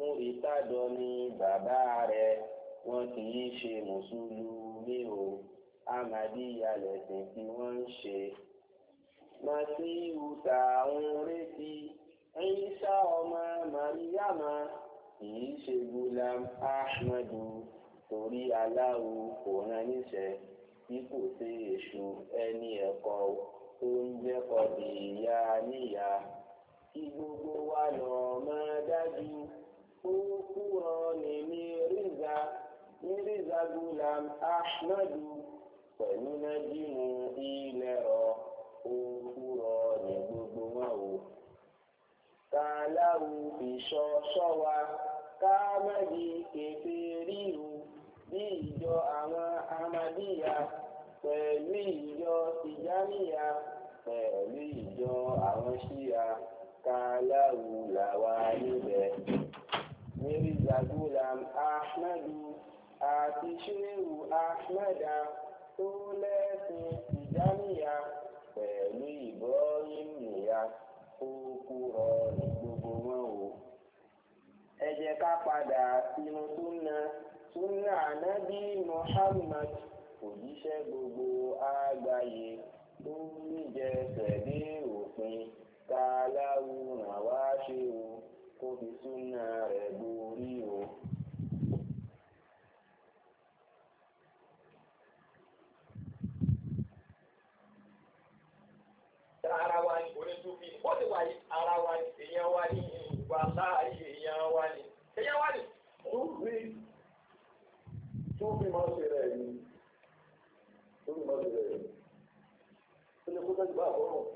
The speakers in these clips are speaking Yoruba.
múrítàdọ ni bàbá rẹ̀ wọn kì í ṣe mùsùlùmí o amadíyà lẹ̀sìn tí wọ́n ń ṣe. màsíù tá à ń retí Ìsá ọmọ màríyàmá kì í ṣe gulam ahmadu torí aláwo kò rán níṣẹ́ tí kò sí èṣù ẹni ẹ̀kọ́ tó ń jẹ́kọ̀ọ́ ìyá níyà kí gbogbo wa lọ́ọ́ máa dájú. Kúrọ̀nì ní Ríza ní Ríza Gulam Ahmadu pẹ̀lú Nájímù Ilẹ̀rọ Kúrọ̀nì gbogbo wọn o. Kàláwù ìṣọ́ ṣọ́wa káàmẹ́lì kété ríru bí ìjọ àwọn Amadíyà pẹ̀lú ìjọ Tìjáníyà pẹ̀lú ìjọ àwọn Ṣíyà kàláwù làwa níbẹ̀ mirza gulam ahmadu àti shehu ahmada tó lẹ́sìn ìjáníyà pẹ̀lú ibrahim nìyà ó kúrọ ní gbogbo wọn o. ẹ ká padà sínú súnà súnà ànábì muhammad òjíṣẹ́ gbogbo àgbáyé tó níjẹsẹ̀ dé òfin ká láwùrán wá ṣe o kó fi súnà rẹ̀ borí o. ara wa ni onítúbí ó ti wà yìí ara wa ni èèyàn wa ni ìwà láàyè èèyàn wa ni èèyàn wa ni. túbí túbí máa ń ṣe rẹ̀ yìí túbí máa ń ṣe yìí ó lè kó tẹ́jú bá àbọ̀rùn.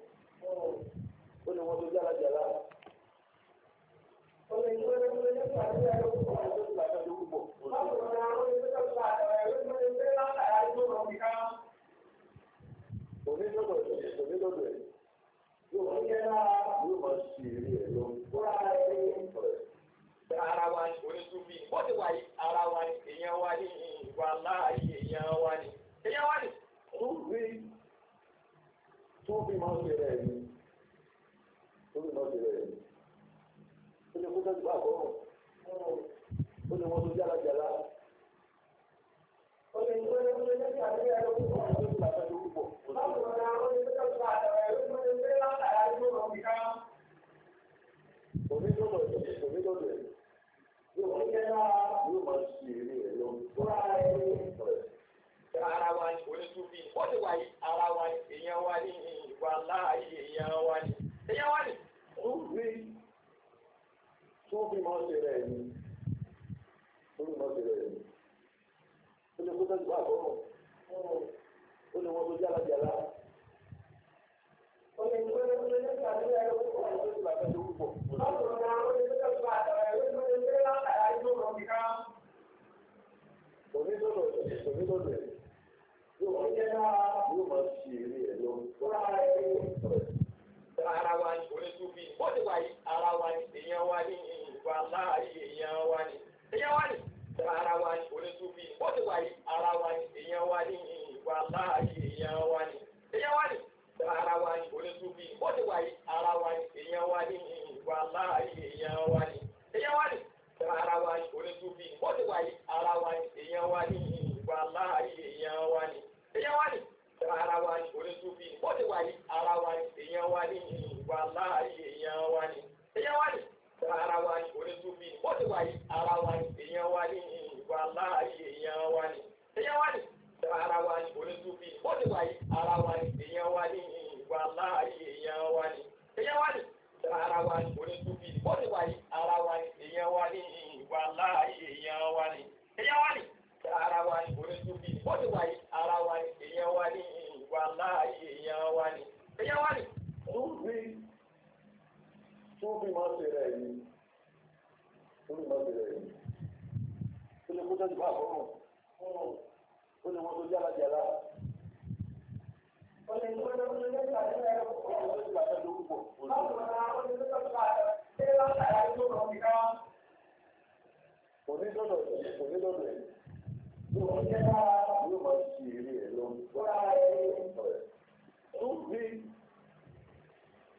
bẹ̀rẹ̀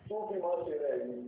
tó bí máa ṣe rẹ̀ yìí.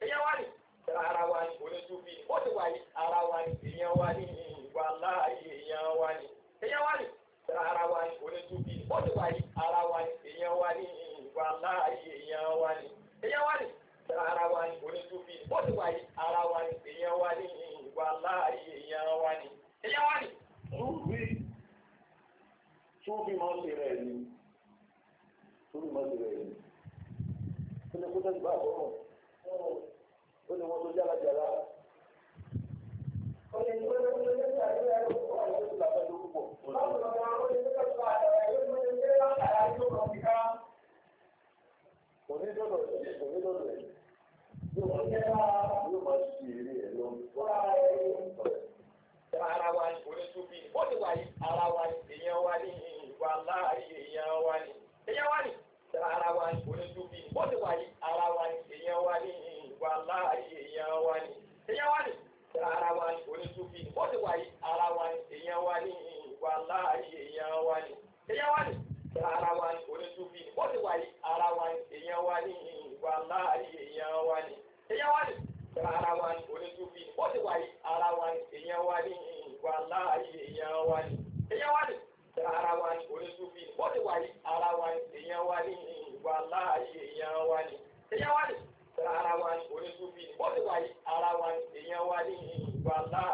èèyàn wá ní ara wa ní oníjú bíi ó ti wà ní ara wa ní èèyàn wá ní ìwà láàyè èèyàn wá ní èèyàn wá ní ara wa ní oníjú bíi ó ti wà ní ara wa ní èèyàn wá ní ìwà láàyè èèyàn wá ní èèyàn wá ní ara wa ní oníjú bíi ó ti wà ní ara wa ní èèyàn wá ní ìwà láàyè èèyàn wá ní èèyàn wá ní. Túbí túbí máa ń ṣe rẹ̀ ni túbí máa ń ṣe rẹ̀ ni kí ni kó tẹ́sí bá àbọ̀ mọ̀ ó ní wọ́n tó jára jàrá. Ọ̀yẹ̀ ni wọ́n lọ sí ilé ìgbà ilé ẹ̀rọ púpọ̀ oṣù làbẹ́ ló púpọ̀. Báwo lọ máa lè ní kẹ́kọ̀ọ́ àtẹ̀rẹ̀ yóò mú ní ilé látara yóò lọ sí ká. Kò ní dọ̀dọ̀ sí kò ní dọ̀dọ̀ ẹ̀. Yóò máa jẹ́ ká yóò máa ṣe eré ẹ̀ lọ. Wọ́n ara wa ni onítúbí wọ́n ti wà yí ara wa ni èèyàn wa ni ìwà láàyè èèyàn wa ni èèyàn wa ni ara wa ni onítúbí wọ́n ti wà yí ara wa ni èèyàn wa ní ìwà láàyè èèyàn wa ní èèyàn wa ní ara wa ní oníṣúfì ní wọ́n ti wà yí ara wa ní èèyàn wa ní ìwà láàyè èèyàn wa ní èèyàn wa ní ara wa ní oníṣúfì ní ti wà yí ara wa ní èèyàn wa ní ìwà láàyè èèyàn wa ní èèyàn wa ní ara wa ní oníṣúfì ní wọ́n ti wà yí ara wa ní èèyàn wa ní ìwà láàyè èèyàn wa ní èèyàn wa ní ara wa ní oníṣúfì ní ti wà yí ara wa ní èèyàn wa ní ìwà láàyè èèyàn wa ní èèyàn wa ní ara wa ni oníṣòfin bọ́ọ̀lù wa yìí ara wa ni èèyàn wa ní ìgbà láà.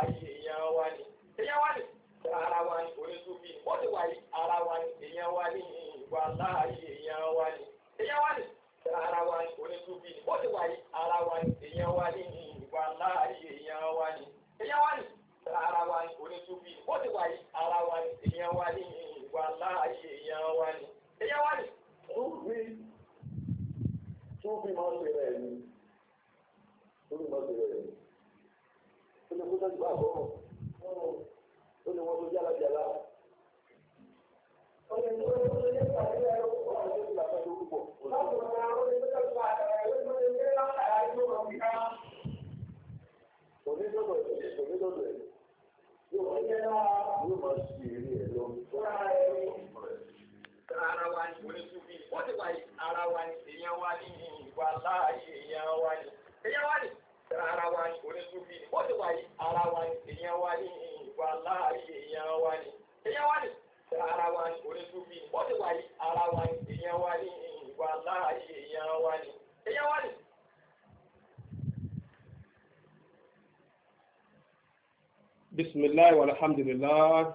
بسم الله والحمد لله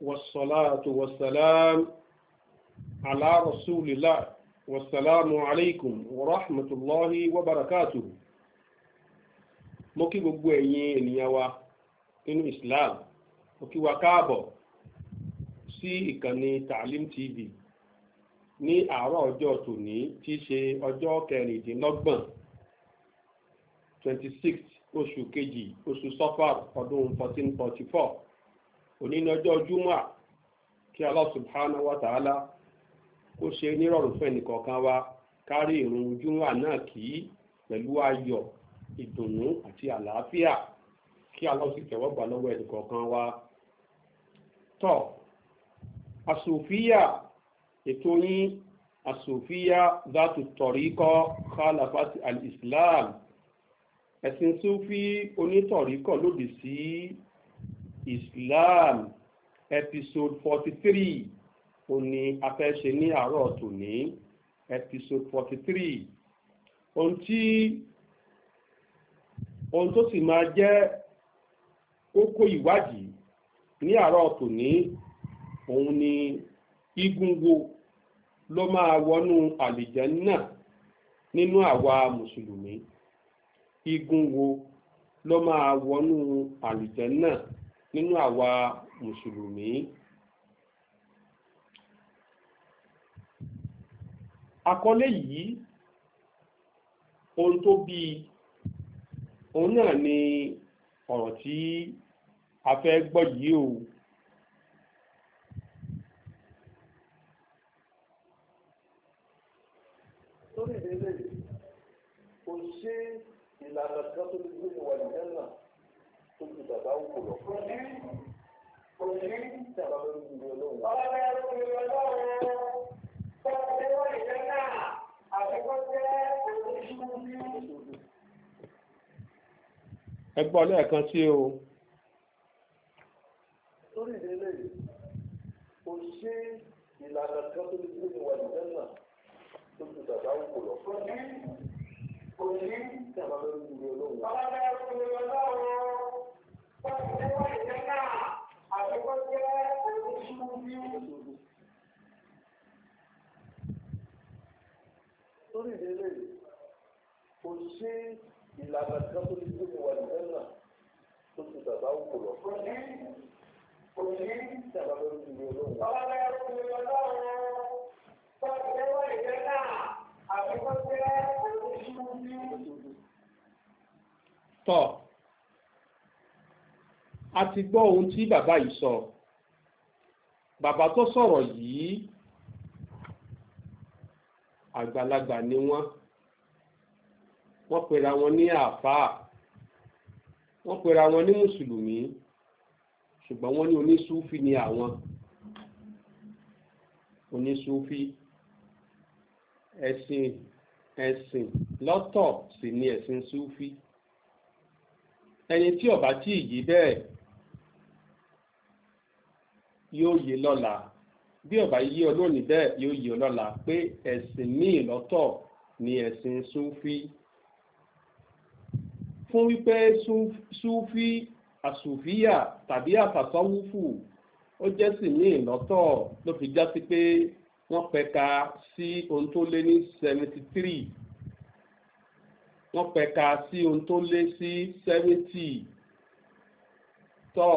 والصلاة والسلام على رسول الله والسلام عليكم ورحمة الله وبركاته mo kí gbogbo ẹ̀yin ènìyàn wa nínú Islam mo kí wa káàbọ̀ sí ìkànnì Taalim TV ní àárọ̀ ọjọ́ tòní tí í ṣe ọjọ́ kẹrìndínlọ́gbọ̀n 26 oṣù kejì oṣù sọfàr ọdún 1444 onínàjọ́ júmọ́ kí Allah subhanahu wa ta'ala kó ṣe nírọ̀rùn fún ẹnìkọ̀ọ̀kan wa kárí ìrun júmọ́ náà kí pẹ̀lú ayọ̀ ìdùnnú àti àlàáfíà kí Allah sì tẹ̀wọ́gbà lọ́wọ́ ẹnìkọ̀ọ̀kan wa tọ́ asòfíà ètò yín asòfíà zátù tọ̀ríkọ́ khalafat al ẹ̀sìn súfí onítọ̀ríkọ̀ lòdì sí Islam episode forty three òní afẹ́ṣe ní àárọ̀ tòní episode forty three ohun tí ohun tó sì máa jẹ́ kókó ìwádìí ní àárọ̀ tòní òun ni igun wo ló máa wọnú àlìjẹ́ náà nínú àwa mùsùlùmí igun wo ló máa wọnú àlùjànnà nínú àwa mùsùlùmí. àkọlé yìí ohun tó bí òun náà ni ọ̀rọ̀ tí a fẹ́ gbọ́ yìí o. ìlànà kan tó lè gbé ìwà ìjẹ́nà tó ju bàbá òkú lọ. Òṣèlú ti àbá lórí ìlú ọlọ́run. Ọlọ́run ẹ̀rọ ìlú ọlọ́run tó ń tẹ́ wọ́n ìjẹ́nà àfikún jẹ́ òṣèlú bí. Ẹ gbọ́ lẹ́ẹ̀kan sí o. Lórí ìdílé yìí, kò ṣe ìlànà kan tó lè gbé ìwà ìjẹ́nà tó ju bàbá òkú lọ kò ní ìjàmbá lórí ìlú olóhùn. Bàbá bá ti lè lọ lọ́wọ́ wọ́n ti lé wọ́n ìlú náà àfikún jẹ́ oníṣú bí. Lórí ìdílé kò sí ìlànà kan tó lè gbé mi wà nìkan náà tó ti bàbá wù lọ. Kò ní kò ní ìjàmbá lórí ìlú olóhùn. Bàbá bá ti lè lọ lọ́wọ́ wọ́n ti lé wọ́n ìlú náà àfikún jẹ́ oníṣú bí tọ́ a ti gbọ́ ohun tí bàbá yìí sọ bàbá tó sọ̀rọ̀ yìí àgbàlagbà ni wọ́n wọ́n pera wọn ní àfáà wọ́n pera wọn ní mùsùlùmí ṣùgbọ́n wọ́n ní onísúfì ni àwọn onísúfì ẹ̀sìn ẹ̀sìn lọ́tọ̀ sì ni ẹ̀sìn súfí ẹni tí ó bá tí yí bẹ́ẹ̀ yóò yé lọ́la bí ó bá yí ọ bẹ́ẹ̀ yóò yé lọ́la pé ẹ̀sìn míì lọ́tọ̀ ni ẹ̀sìn súfí fún wípé súfí àsùfíà tàbí àfàsọ́wúfù ó jẹ́ sì míì lọ́tọ̀ ló fi já sí pé wọ́n pẹ̀ka sí ohun tó lé ní seventy three wọ́n pẹ̀ka sí ohun tó lé sí seventy tọ́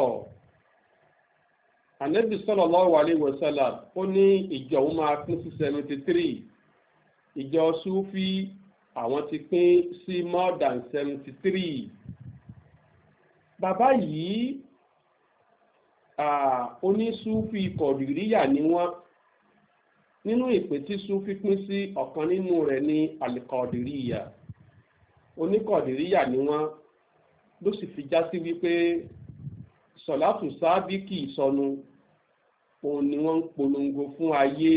ànábì sallallahu alaihi wasallam ó ní ìjọ òun máa pín sí seventy three ìjọ sufi àwọn ti pín sí more than seventy three bàbá yìí sufi kọ̀dìríyà ni wọ́n nínú ìpè tí súfì pín sí ọ̀kan nínú rẹ̀ ní alikọ̀dìríyà oníkọ̀dìríyà ni wọ́n ló sì fi já sí wípé sọ̀látù sábíkì ìsọnu òun ni wọ́n ń polongo fún ayé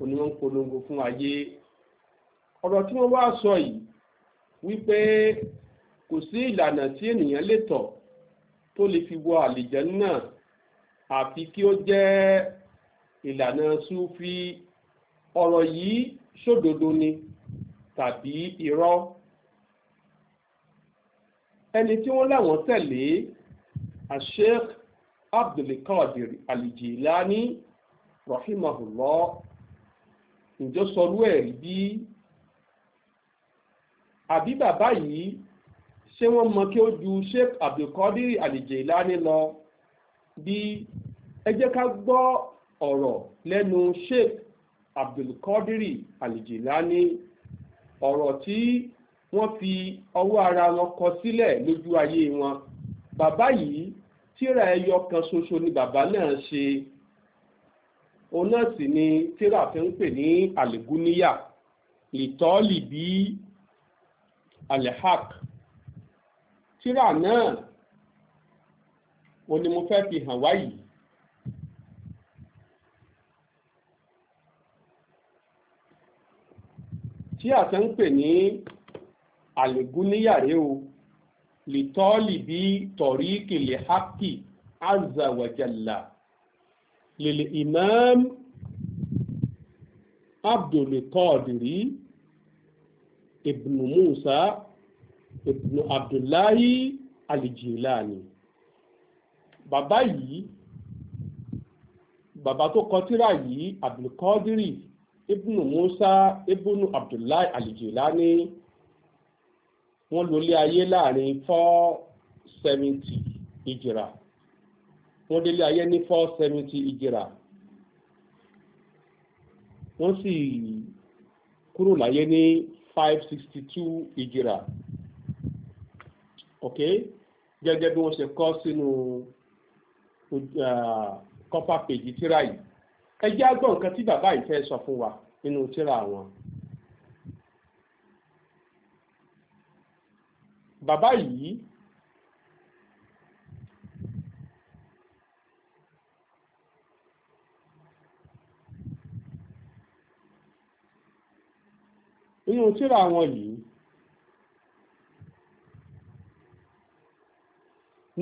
òun ni wọ́n ń polongo fún ayé ọ̀rọ̀ tí wọ́n wá sọ yìí wípé kò sí ìlànà tí ènìyàn lè tọ̀ tó lè fi wọ àlìjẹ́ náà àfi kí ó jẹ́ ìlànà súfì ọ̀rọ̀ yìí ṣòdodo ni tàbí irọ́ ẹni tí wọ́n láwọn tẹ̀lé asheikh abdulkadir alijilani rahimahullah ǹjọ́ sọrú ẹ̀ rí bí àbí bàbá yìí ṣé wọ́n mọ kí ó ju sheikh abdulkadir alijilani lọ bí ẹ jẹ́ ká gbọ́ ọ̀rọ̀ lẹ́nu Sheikh Abdulkadir Alijilani ọ̀rọ̀ tí wọ́n fi ọwọ́ ara wọn kọ sílẹ̀ lójú ayé wọn bàbá yìí tíra ẹyọ kan ṣoṣo ni bàbá náà ṣe òun náà sì ni tíra fi ń pè ní àlìgúníyà ìtọ́ọ̀lì bí alehak tíra náà òun ni mo fẹ́ fi hàn wá tí àtẹ ń pè ní àlègúnníyàrá o lìtọ́ọ̀lì bí tọ̀rí kìlẹ̀ hákì azza wa jalla lèlè imam abdulkadiri ibn musa ibn abdullahi alijilani bàbá yìí bàbá tó kọ yìí abdulkadiri ibnu musa ibnu abdullahi alijilani wọ́n lólé ayé láàrin four seventy ìjìrà wọ́n délé ayé ní four seventy ìjìrà wọ́n sì kúrò láyé ní five sixty two ìjìrà ok gẹ́gẹ́ bí wọ́n ṣe kọ sínú kọ́pà uh, péjì tíra yìí ẹ jẹ́ á gbọ́ nǹkan tí bàbá yìí fẹ́ sọ fún wa nínú tírà wọn. bàbá yìí nínú tírà wọn yìí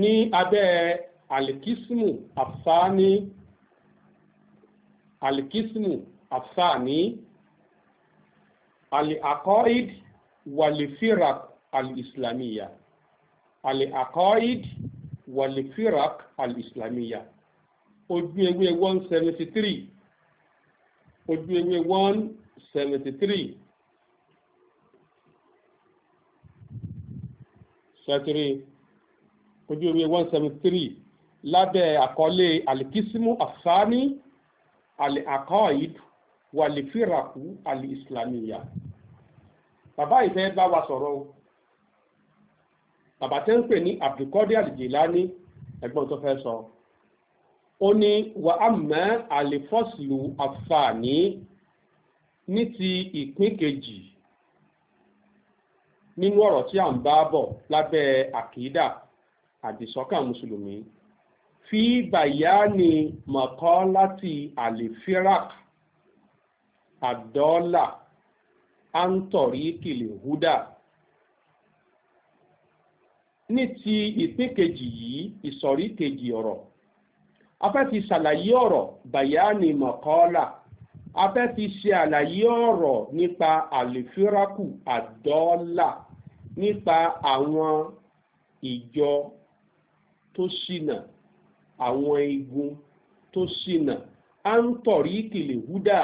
ní abẹ́ alikismu afani alikismu asani aliakoid walifirak alislamiya aliakoid walifirak alislamiya ojú ewé one seventy three ojú ewé one seventy three ṣẹ́tìrì ojú ewé one seventy three lábẹ́ àkọlé alikismu asani al-aqaid wal-firaqu al-islamiyya bàbá ìfẹ́ bá wa sọ̀rọ̀ o bàbá tẹ́ ń pè ní Abdulkadir al-Jilani ẹgbọ́n tó fẹ́ sọ ó ní wa amma al-faslu athani ní ti ìpín kejì nínú ọ̀rọ̀ tí à ń bá bọ̀ lábẹ́ àkídà àdìsọ́kàn mùsùlùmí fi bayani maqalati al-firaq ad-dalla an tariqil huda ní ti ìpín kejì yìí ìsọ̀rí kejì ọ̀rọ̀ a fẹ́ fi ṣàlàyé ọ̀rọ̀ bayani maqala a fẹ́ fi ṣe àlàyé ọ̀rọ̀ nípa àlèfírákù àdọ́ọ́là nípa àwọn ìjọ tó ṣìnà àwọn igun tó ṣìnà á ń tọ̀rí ìkìlè húdà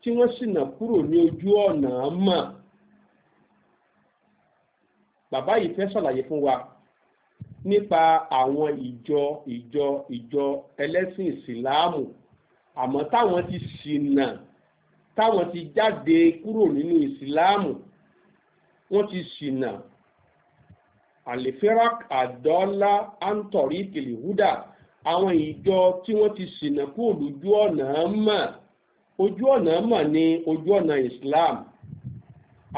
tí wọ́n ṣìnà kúrò ní ojú ọ̀nà mọ̀ bàbá yìí fẹ́ ṣàlàyé fún wa nípa àwọn ìjọ ìjọ ìjọ ẹlẹ́sìn ìsìláàmù àmọ́ táwọn ti ṣìnà táwọn ti jáde kúrò nínú ìsìláàmù wọ́n ti ṣìnà àlèfẹ́ràk àdọ́lá àǹtọ̀rí ìkèlè húdà àwọn ìjọ tí wọ́n ti ṣìnà kú olójú ọ̀nà mọ̀ ojú ọ̀nà mọ̀ ní ojú ọ̀nà Islam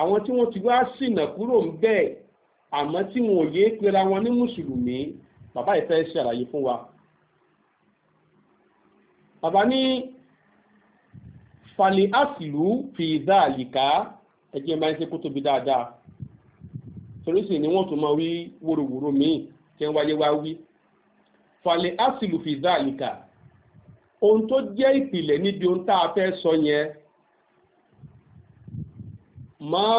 àwọn tí wọ́n ti wá ṣìnà kúrò ń bẹ́ẹ̀ àmọ́ tí wọn ò yéé pera wọn ní mùsùlùmí bàbá ìfẹ́ ṣàlàyé fún wa bàbá ní fali asilu fi dáàlìká ẹjẹ́ máa ń ṣe kó tóbi dáadáa torísì ni wọ́n tún máa wí wòròwòrò míì tí wọ́n wáyé wá wí. falẹ̀ asìlù fìdá àlìkà ohun tó jẹ́ ìpìlẹ̀ níbi ohun tá a fẹ́ sọ yẹn máa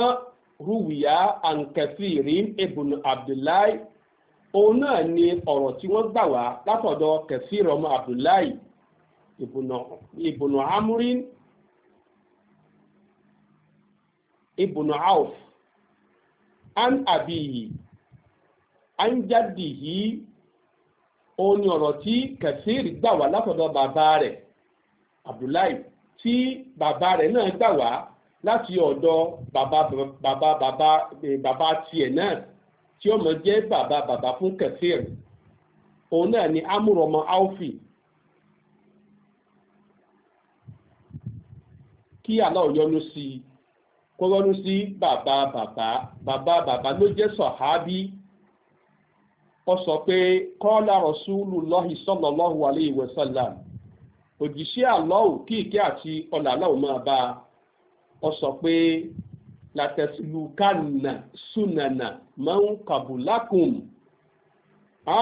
rúwìyá àǹkẹ́fì rí ibùnú abdullahi òun náà ni ọ̀rọ̀ tí wọ́n gbà wá látọ̀dọ̀ kẹfì rọmọ abdullahi ibùnú amúrín ibùnú auf an àbíyì an jáde yìí òun ni ọ̀rọ̀ tí kẹsìrì gbà wá látọ̀dọ̀ bàbá rẹ̀ abdullahi tí bàbá rẹ̀ náà gbà wá láti ọ̀dọ̀ bàbá bàbá bàbá e, bàbá tiẹ̀ náà tí ọmọ jẹ́ bàbá bàbá fún kẹsìrì òun náà ni amúrọ̀mọ áùfì kí aláwọ̀ yọ́nú sí i kó rọ́nú sí bàbá bàbá bàbá bàbá ló jẹ́ sọ̀hábí ó sọ pé kọ́lá Rasulullahi sallallahu alayhi wa sallam òjíṣẹ́ àlọ́hù kí ìkẹ́ àti ọ̀là àlọ́hù máa bá ọ sọ pé látẹ̀sílùkánà súnànà máa ń kàbùlákùn á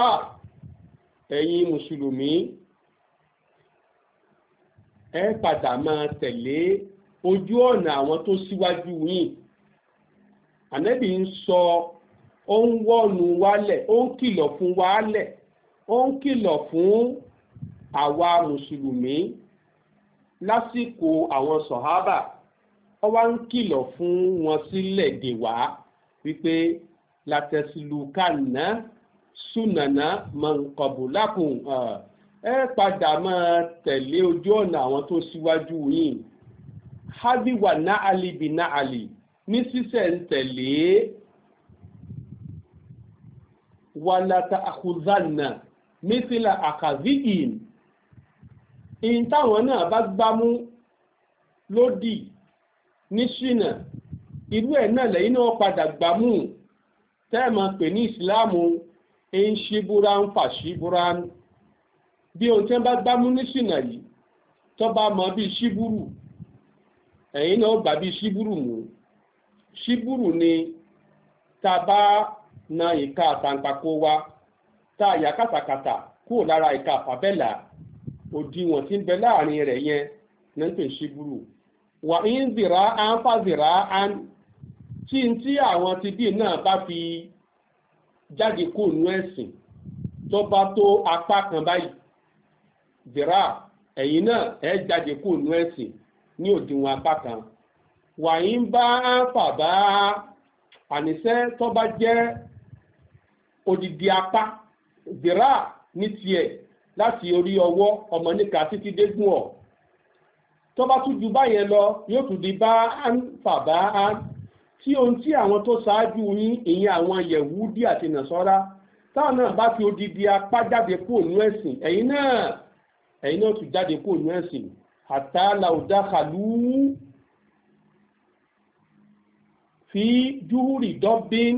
ẹ̀yin mùsùlùmí ẹ padà máa tẹ̀lé ojú ọ̀nà àwọn tó síwájú yìí ànẹ́bì ń sọ ó ń wọ́nu wálẹ̀ ó ń kìlọ̀ fún wálẹ̀ ó ń kìlọ̀ fún àwa mùsùlùmí lásìkò àwọn sọ̀hábà ó wá ń kìlọ̀ fún wọn sílẹ̀ dè wá wípé látẹ̀sílùkànnà súnànà mọ̀nkọ̀bùlákùn ẹ padà máa tẹ̀lé ojú ọ̀nà àwọn tó síwájú yìí hadiwa náàlì bí náàlì ní sísẹ̀ntẹ̀lé wàlàtà àkùzánà mísílà àkàzíìn in táwọn náà bá gbámú lódì ní ṣìnà irú ẹ̀ náà lẹ́yìn náà padà gbámú tẹ́ẹ̀mọ̀ pè ní ìsìláàmù ń ṣíbúra ń fà ṣíbúra bí ohun tí wọ́n bá gbámú ní ṣìnà yìí tó bá mọ bí ṣíbúrú ẹ̀yin náà gbà bí ṣíbùrù mú ṣíbùrù ni tá bá na ìka àtàǹpàkò wa tá a yà kàtàkàtà kúrò lára ìka àfàbẹ́là òdiwọ̀n tí ń bẹ láàrin rẹ̀ yẹn ní ń pè ṣíbùrù wà ń zìrá à ń fà zìrá à ń tí n tí àwọn ti bí náà bá fi jáde kó nú ẹ̀sìn tó bá tó apá kan báyìí zìrá ẹ̀yin náà ẹ̀ jáde kó nú ẹ̀sìn ní òdiwọ̀n apá kan wàyí ń bá fàbá àníṣe tó bá jẹ́ odidi apá dìrá ní tiẹ̀ láti orí ọwọ́ ọmọ níka títí dégún ọ̀ tó bá tún ju báyẹn lọ yóò tún di bá fàbá tí ohun tí àwọn tó ṣáájú yín ìyẹn àwọn yẹ̀wúdí àti nàṣọ́ra táwọn náà bá fi odidi apá jáde kúrò nú ẹ̀sìn ẹ̀yin náà ẹ̀yin náà tún jáde kúrò nú ẹ̀sìn àtàlà òdákàlú fi júhùrì dọ́bín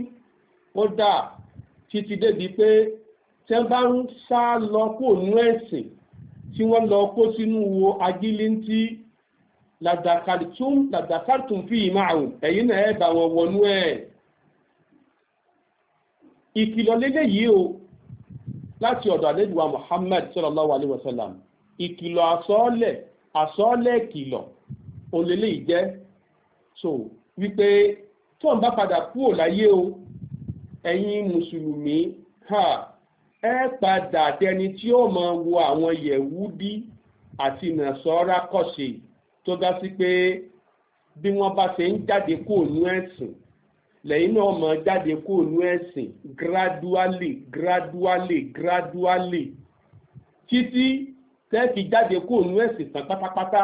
kódà títí débi pé tẹ́ bá ń sá lọ kó nú ẹ̀sìn tí wọ́n lọ kó sínú wo agílíntí làdàkàtún làdàkàtún fi ìmáà ẹ̀yìn náà ẹ̀ bá wọn wọnú ẹ̀ ìkìlọ̀ lélẹ̀ yìí o láti ọ̀dọ̀ àlejò Muhammad sallallahu alayhi ìkìlọ̀ àsọ́ọ́lẹ̀ àsọ́ọ́lẹ̀ ìkìlọ̀ òlélẹ̀ ìjẹ́ so wípé tóun bá padà kúrò láyé o ẹ̀yin mùsùlùmí ha ẹ padà dẹni tí ó máa wo àwọn yẹ̀wúdí àti nàṣọ́ra kọ̀ṣe tó dá sí pé bí wọ́n bá ṣe ń jáde kó nú ẹ̀sìn lẹ́yìn náà mọ̀ jáde kó nú ẹ̀sìn gradually gradually gradually títí tẹ́ fi jáde kó nu ẹ̀sìn tán pátápátá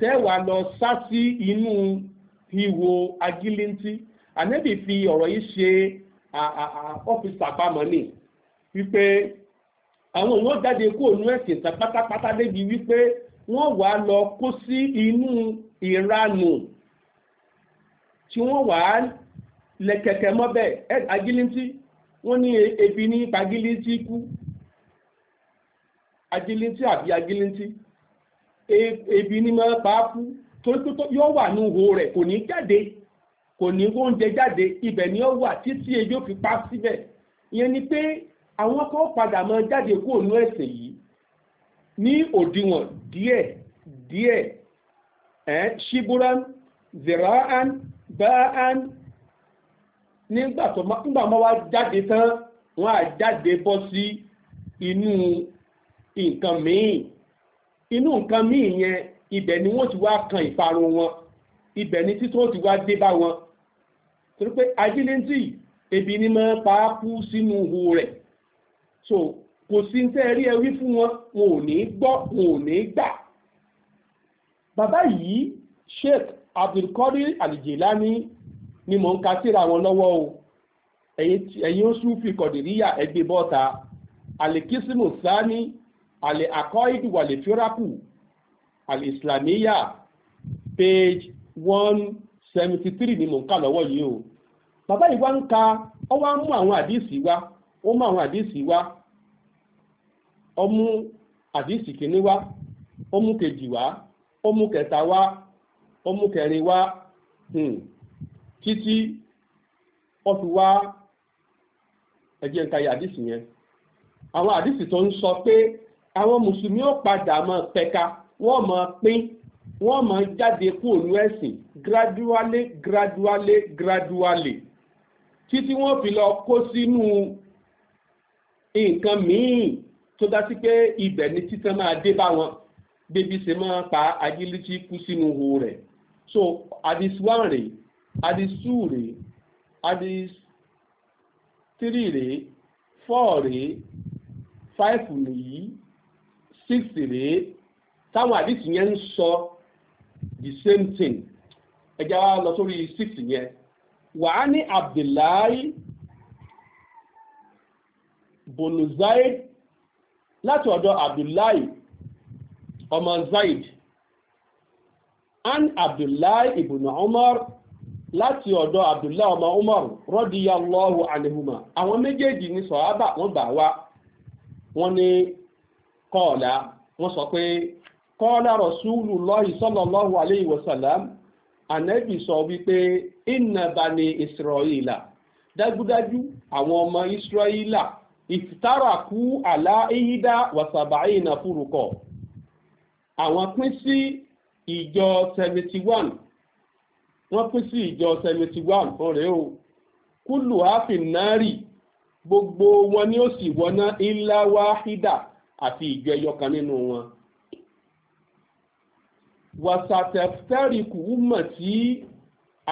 tẹ́ wàá lọ sá sí inú ihò agílíntí ànẹ́bì fi ọ̀rọ̀ yìí ṣe ọ́fíìsì àpamọ́ ni wípé àwọn èèyàn jáde kó nu ẹ̀sìn tán pátápátá débi wípé wọ́n wàá lọ kó sí inú ìranù tí wọ́n wàá lẹ̀kẹ̀kẹ̀ mọ́bẹ̀ agílíntí wọ́n ní ebi ní pagílíntí kú agilintí àbí agilintí e, ebi ní máa pa á kú torí pé yóò wà ní ihò rẹ̀ kò ní jáde kò ní oúnjẹ jáde ibẹ̀ ni ó wà títí ebi fi pa síbẹ̀ ìyẹn ni pé àwọn kan padà máa jáde kúrò ní ẹ̀sìn yìí ní òdiwọ̀n díẹ̀ díẹ̀ ẹ̀ ṣíbúrán ziraan báán nígbà tó nígbà máa wá jáde tán wọ́n á jáde bọ́ sí inú nǹkan míì inú nǹkan míì yẹn ibẹ̀ ni wọ́n ti wá kan ìparun wọn ibẹ̀ ni títọ́ ti wá dé bá wọn torí pé ajílẹ́ntì ebi ni máa pa á kú sínú ihò rẹ̀ so kò sí ń tẹ́ rí ẹwí fún wọn wọn ò ní gbọ́ wọn ò ní gbà bàbá yìí Sheikh Abdulkadir al ni mò ń ka síra wọn lọ́wọ́ o ẹ̀yin ó sún fi kọ̀dìríyà ẹgbẹ́ bọ́ta alikisimu sani Al-Aqaid al firaqu Al-Islamiyya page ni mo ń lọwọ lọ́wọ́ yìí o bàbá yìí wá ń ka ọ wá mú àwọn àdìsí wá ó mú àwọn ọmụ wá ọmụ mú àdìsí kìíní wá ó mú kejì wá ó mú kẹta wá ó mú kẹrin wá hmm, títí fi wá ń ka yẹn àwọn àdìsí tó ń sọ pé àwọn mùsùlùmí ó padà mọ pẹ̀ka wọ́n mọ pín wọ́n mọ jáde kúrò ní ẹ̀sìn gradually gradually gradually títí wọ́n fi lọ kó sínú nǹkan míì tó dá sí pé ibẹ̀ ni títàn máa dé bá wọn bébí ṣe máa pa ajílítí kú sínú ihò rẹ̀ so hadith one rèé hadith two rèé hadith three rèé four five nìyí six rèé táwọn àdìsí yẹn ń sọ the same thing ẹja wa lọ sórí six yẹn wàá ní Abdullahi bonu Zaid láti ọ̀dọ̀ Abdullahi ọmọ Zaid an Abdullahi ibùnà Umar láti ọ̀dọ̀ Abdullah ọmọ Umar radiyallahu anhuma àwọn méjèèjì ní sọ̀hábà wọ́n gbà wá wọ́n ní kọ́ọ̀lá wọ́n sọ pé kọ́ọ̀lá Rasulullahi sallallahu alayhi wa sallam ànẹ́bì sọ wípé inna bani Isra'ila dájúdájú àwọn ọmọ Isra'ila ìfitáràkú àlá ihida wasabaina fúrukọ̀ àwọn pín sí ìjọ 71 wọ́n pín sí ìjọ 71 kan rèé o kúlù áfin náà rì gbogbo wọn ni ó sì wọná illa wáhídà àfi ìjọ ẹyọ kan nínú wọn wasatẹ̀fẹ́ríkù wúmọ̀ tí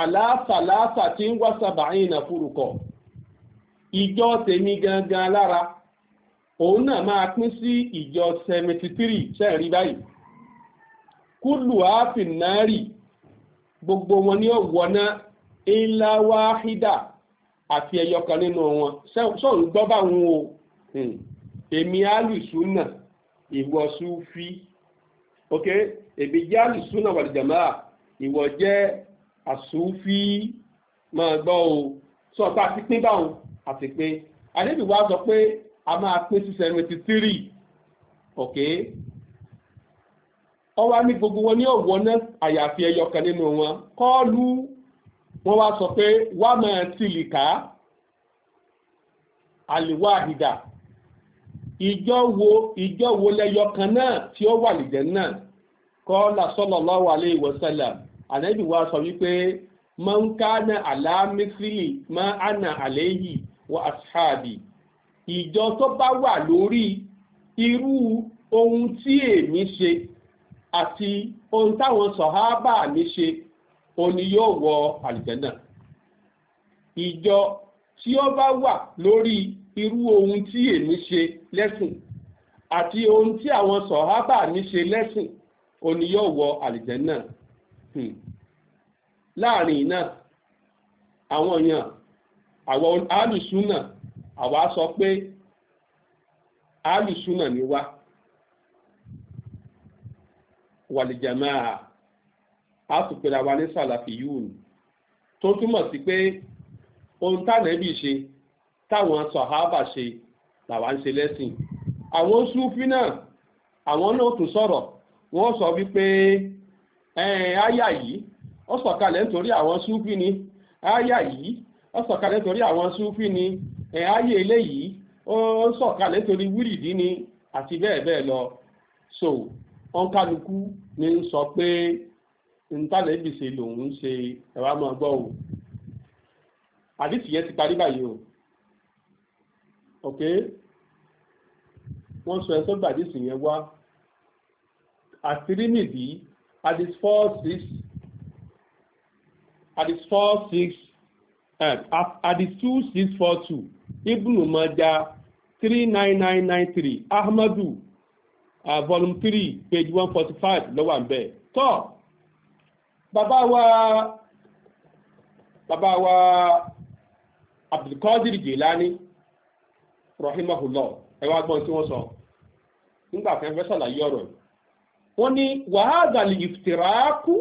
aláfàláfà tí ń wásàbà ìnà fúrukọ̀ ìjọ tèmi gangan lára òun náà máa pín sí ìjọ 73 sẹ́ẹ̀rí báyìí kúlù ààfin náà rì gbogbo wọn ni ó wọná ńlá wáhídà àti ẹyọ nínú wọn sọ́ọ̀ ń gbọ́ báwọn o. Hmm èmi alùsùnà ìwọ súfí ok èmi jẹ́ alùsùnà wàlìjàmá ìwọ jẹ́ àsúfí máa gbọ́ o sọ pé àti pín báwọn àti pín àdébì wa sọ pé a máa pín sí seventy three ok ọwọ́ ní gbogbo wọn ní ọ̀wọ́ náà àyàfi ẹyọ kan nínú wọn kọ́ọ̀lù wọ́n wá sọ pé wá máa tìlìkà àlìwá àdìdà ìjọ wo ìjọ wo lẹyọ kan náà tí ó wà lìjẹ́ náà kọ́lá sallallahu alayhi wa sallam ànábì wa sọ wípé man kana ala mithli ma ana alayhi wa ashabi ìjọ tó bá wà lórí irú ohun tí èmi ṣe àti ohun táwọn sọ̀hábà mi ṣe òní yóò wọ àlìjẹ́ náà ìjọ tí ó bá wà lórí irú ohun tí èmi ṣe lẹ́sìn àti ohun tí àwọn sọ̀hábà mi ṣe lẹ́sìn òní yóò wọ àlìjẹ́nà hmm. láàrin náà àwọn èèyàn àwọn alùsùnà àwa sọ pé alùsùnà ni wá wàlìjàmáà a sì pèrè àwa ní sàlàfíyùn tó túmọ̀ sí pé ohun tánàbí ṣe táwọn sàhábà ṣe làwa ń ṣe lẹ́sìn àwọn súfí náà àwọn náà tún sọ̀rọ̀ wọ́n sọ wípé áyà yìí ó sọ̀kalẹ̀ nítorí àwọn súfí ni áyà yìí ó sọ̀kalẹ̀ nítorí àwọn súfí ni áyà eléyìí ó sọ̀kalẹ̀ nítorí wírìdí ni àti bẹ́ẹ̀ bẹ́ẹ̀ lọ so ọ̀nkálukú ni ń sọ pé ntàlẹ́bìsẹ̀ lòun ń ṣe ẹ̀wà máa gbọ́ o àdìsí yẹn ti parí báyìí o ok wọ́n sọ ẹ tó gbàdí sí yẹn wá àtìrínìdí àdìs four six àdìs four six àdìs eh, two six four two ibùnú mọ́jà three nine nine nine three ahmadu uh, volume three page one forty five lọ́wọ́ àbẹ̀ tọ́ bàbá wa bàbá wa Abdulkadir Jilani rahimahullah ẹ wá gbọ́n tí wọ́n sọ nígbà kan fẹ́ sàlàyé ọ̀rọ̀ wọ́n ní wàhálà ìfìtìrákù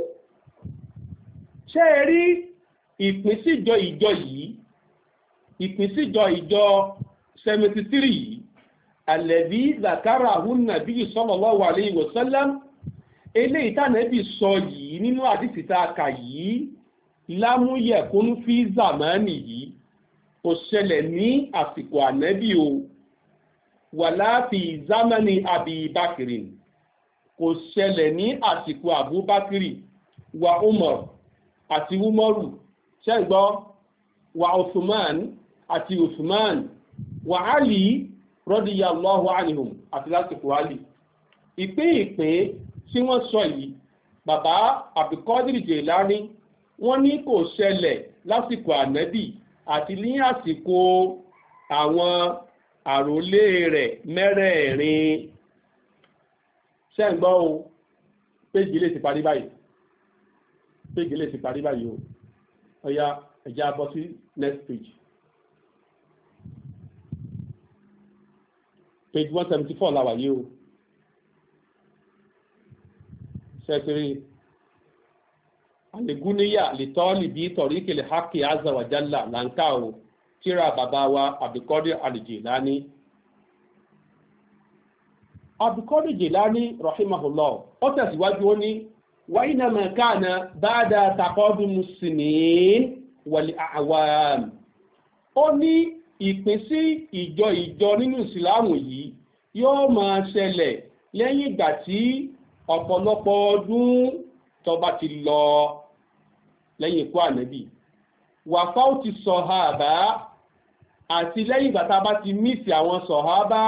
ṣé ẹ rí ìpínsíjọ ìjọ yìí ìpínsíjọ ìjọ seventy three yìí àlẹ́bí zakara hunna bíi sallallahu alayhi wa sallam eléyìí tànẹ́bì sọ yìí nínú àdìsí tá yìí lámúyẹ̀kún fi zamani yìí kò ṣẹlẹ̀ ní àsìkò ànẹ́bì o wàlá fi zamani abi bakiri kò ṣẹlẹ̀ ní àsìkò abubakiri wa umar àti umaru ṣẹ́gbọ́ wa usman àti usman wa ali radiyallahu anhum àti lásìkò ali ìpín ìpín tí wọ́n sọ yìí bàbá àbíkọ́dìrì jèlání wọ́n ní kò ṣẹlẹ̀ lásìkò ànẹ́bì àti ní àsìkò àwọn àròlé rẹ̀ mẹ́rẹ̀ẹ̀rin ṣẹ́ǹgbọ́n o péjì lè ti parí báyìí péjì lè ti parí báyìí o ọ̀ya ẹ̀já bọ́ sí next page. page one seventy four la wà yìí o ṣẹ́ẹ̀tì rí àlégúníyà lè tọ́ọ̀lì bí tọ̀ríkìlì hákì azawajalla láǹkà o tíra bàbá wa àbíkọ́dé àlìjìláni. àbíkọ́dé jìláni rahimahullah ó tẹ̀síwájú ó ní wàyínàmà káàna báadà takọ́bí muslimin wàlí àwọn. ó ní ìpínsí ìjọ ìjọ nínú ìsìláàmù yìí yóò máa ṣẹlẹ̀ lẹ́yìn ìgbà tí ọ̀pọ̀lọpọ̀ ọdún tó bá ti lọ lẹ́yìn ikú ànábì wàfáù ti sọ̀hábà àti lẹ́yìn ìgbà a bá ti mísì àwọn sọ̀hábà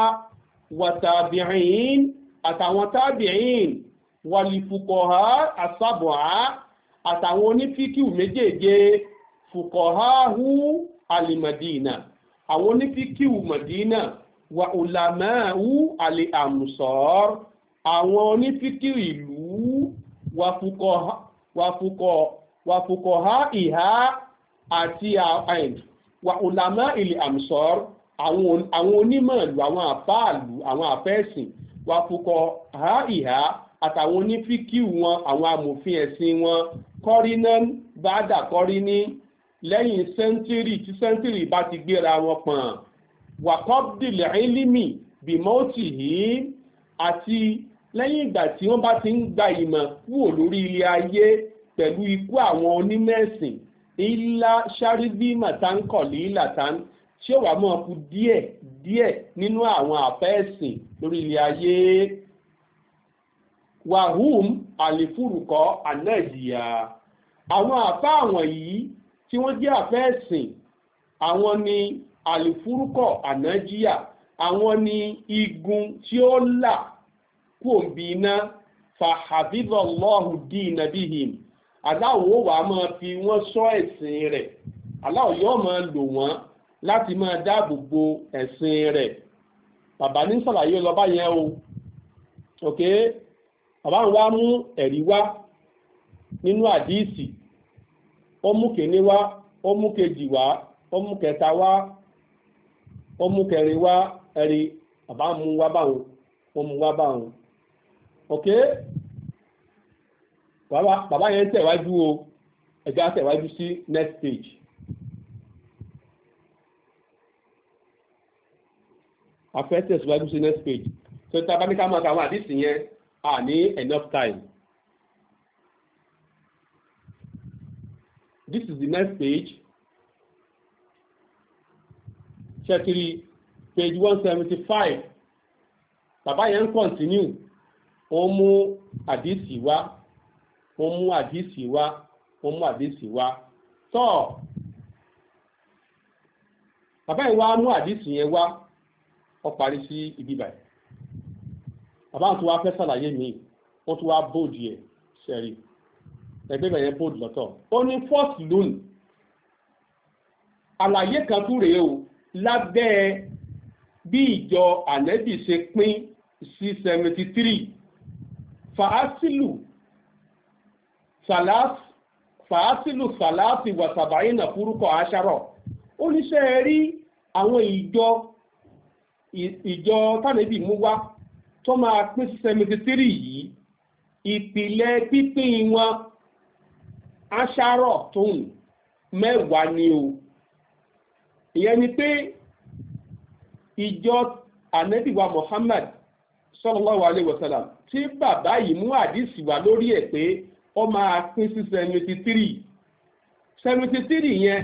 wàtàbíìn àtàwọn tábíìn wàlìfùkọ̀há àsàbọ̀há àtàwọn onífíkìú méjèèje fùkọ̀háhù alìmọ̀dínà àwọn onífíkìú mọ̀dínà wà òlàmáhù alìàmùsọ̀r àwọn onífíkìú ìlú wàfukọ̀ ha ìhá àti ọ̀làmọ́ ilẹ̀ àmsọ́r àwọn onímọ̀ ìlú àwọn àfáàlù àwọn àfẹ́sìn wàfukọ̀ ha ìhá àtàwọn onífíkì wọn àwọn amòfin ẹ̀sìn wọn kọ́rínán bàdà kọ́ríní lẹ́yìn sẹ́ńtírì tí sẹ́ńtírì bá ti gbéra wọn pọ̀n wàkọ́bdìlẹ̀ ẹ́límì bìmọ́tì yìí àti lẹ́yìn ìgbà tí wọ́n bá ti ń gba ìmọ̀ kúrò lórí ilé ayé pẹ̀lú ikú àwọn onímẹ̀sìn ńlá ṣáríbí màtáńkọ̀lì làtán tí ó wà mọ́ ọkù díẹ̀ díẹ̀ nínú àwọn àfẹ́ẹ̀sìn lórí ilé ayé wahum àlefúrukọ anẹ́ẹ̀dìyà àwọn àfá àwọn yìí tí wọ́n jẹ́ àfẹ́ẹ̀sìn àwọn ni àlefúrukọ anẹ́ẹ̀dìyà àwọn ni igun tí ó là kúò bí fa fàhàbíbọ̀ lọ́hùn di na him aláwo wà máa fi wọn sọ ẹ̀sìn rẹ̀ aláwo yóò máa lò wọn láti máa dáàbò bo ẹ̀sìn rẹ̀ bàbá ní sàlàyé lọ́ba yẹn o ok bàbá ń wá mú ẹ̀rí wá nínú àdíìsì ó mú wá ó mú kejì wá ó mú kẹta wá ó mú kẹrin wá ẹ̀rí ok bàbá yẹn tẹ̀wájú o ẹ̀já tẹ̀wájú sí next stage. afẹ́ tẹ̀síwájú sí next page so tí a bá ní ká máa kàwọn àdísì yẹn a ní enough time this is the next page Chapter, page one seventy five bàbá yẹn continue ó mú àdìsí wá ó mú àdìsí wá ó mú àdìsí wá tọ́ bàbá yìí mú àdìsí yẹn wá ó parí sí ibi báyìí bàbá tó wá fẹ́ sàlàyé mi wọ́n tó wá bóòdì ẹ̀ sẹ́rí ẹgbẹ́ bẹ̀rẹ̀ bóòdì lọ́tọ̀ ó ní fọ́ọ̀sì lónìí àlàyé kan tún rèé o lábẹ́ bí ìjọ ànẹ́bì ṣe pín sí seventy three fàásìlù sàlásì fàásìlù sàlásì wàsàbáyínà fúrúkọ àṣàrọ̀ ó níṣẹ́ rí àwọn ìjọ ìjọ tánàbí mú wá tó máa pín seventy three yìí ìpìlẹ̀ pípín wọn àṣàrọ̀ tóun mẹ́wàá ni o ìyẹn ni pé ìjọ ànẹ́bíwá Muhammad sallallahu alaihi wasallam tí bàbá yìí mú àdìsí wá lórí ẹ̀ pé ó máa pín sí seventy three seventy three yẹn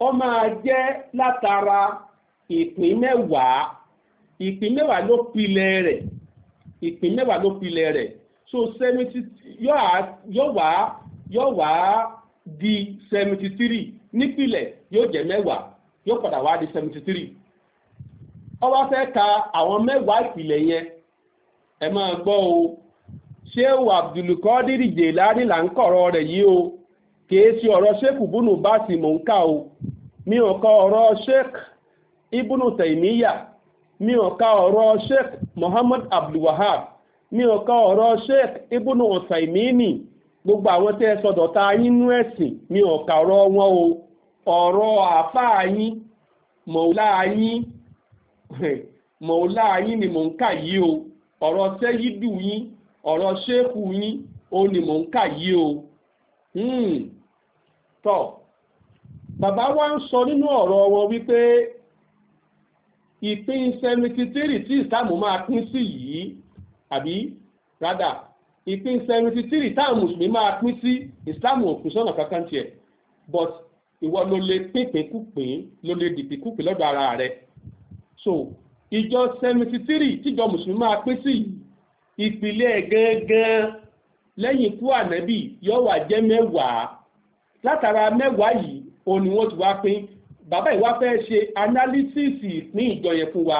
ó máa jẹ́ látara ìpín mẹ́wàá ìpín mẹ́wàá ló pilẹ̀ rẹ̀ ìpín mẹ́wàá ló pilẹ̀ rẹ̀ so seventy yóò wá yóò wá di seventy three nípìlẹ̀ yóò jẹ́ mẹ́wàá yóò padà wá di seventy three ó wá fẹ́ ka àwọn mẹ́wàá ìpìlẹ̀ yẹn ẹ máa gbọ́ o ṣéwù abdulkadir jèlárì là ń kọ̀rọ̀ rẹ̀ o kìí ṣe ọ̀rọ̀ sheik ibùnú bá sì o mi ò ka ọ̀rọ̀ sheik ibùnú tẹ̀míyà mi ò ọ̀rọ̀ sheik abdulwahab mi ò ka ọ̀rọ̀ sheik ibùnú ọ̀sàìmínì gbogbo àwọn tẹ́ ẹ sọ̀dọ̀ ta yín mi ò ọ̀rọ̀ o ọ̀rọ̀ yín ni mò ń kà o. ọ̀rọ̀ sẹ́yídù yín ọ̀rọ̀ ṣéèkù yín ó ní mò ń kà yí o hmm. tọ́ bàbá wa ń sọ nínú ọ̀rọ̀ wọn wípé ìpín seventy three tí ìsàmù máa pín sí yìí àbí rádà ìpín seventy three táwọn mùsùlùmí máa pín sí ìsàmù òkú sọ́nà kankan tiẹ̀ but ìwọ ló lè pínpín kúpín ló lè dìpín kúpín lọ́dọ̀ ara rẹ̀ so ìjọ seventy three tíjọ mùsùlùmí máa pín sí ìpìlẹ̀ gangan lẹ́yìn ikú ànábì yóò wá jẹ́ mẹ́wàá látara mẹ́wàá yìí òun ni wọ́n ti wá pín bàbá ìwá fẹ́ ṣe analysisi ní ìjọ yẹn fún wa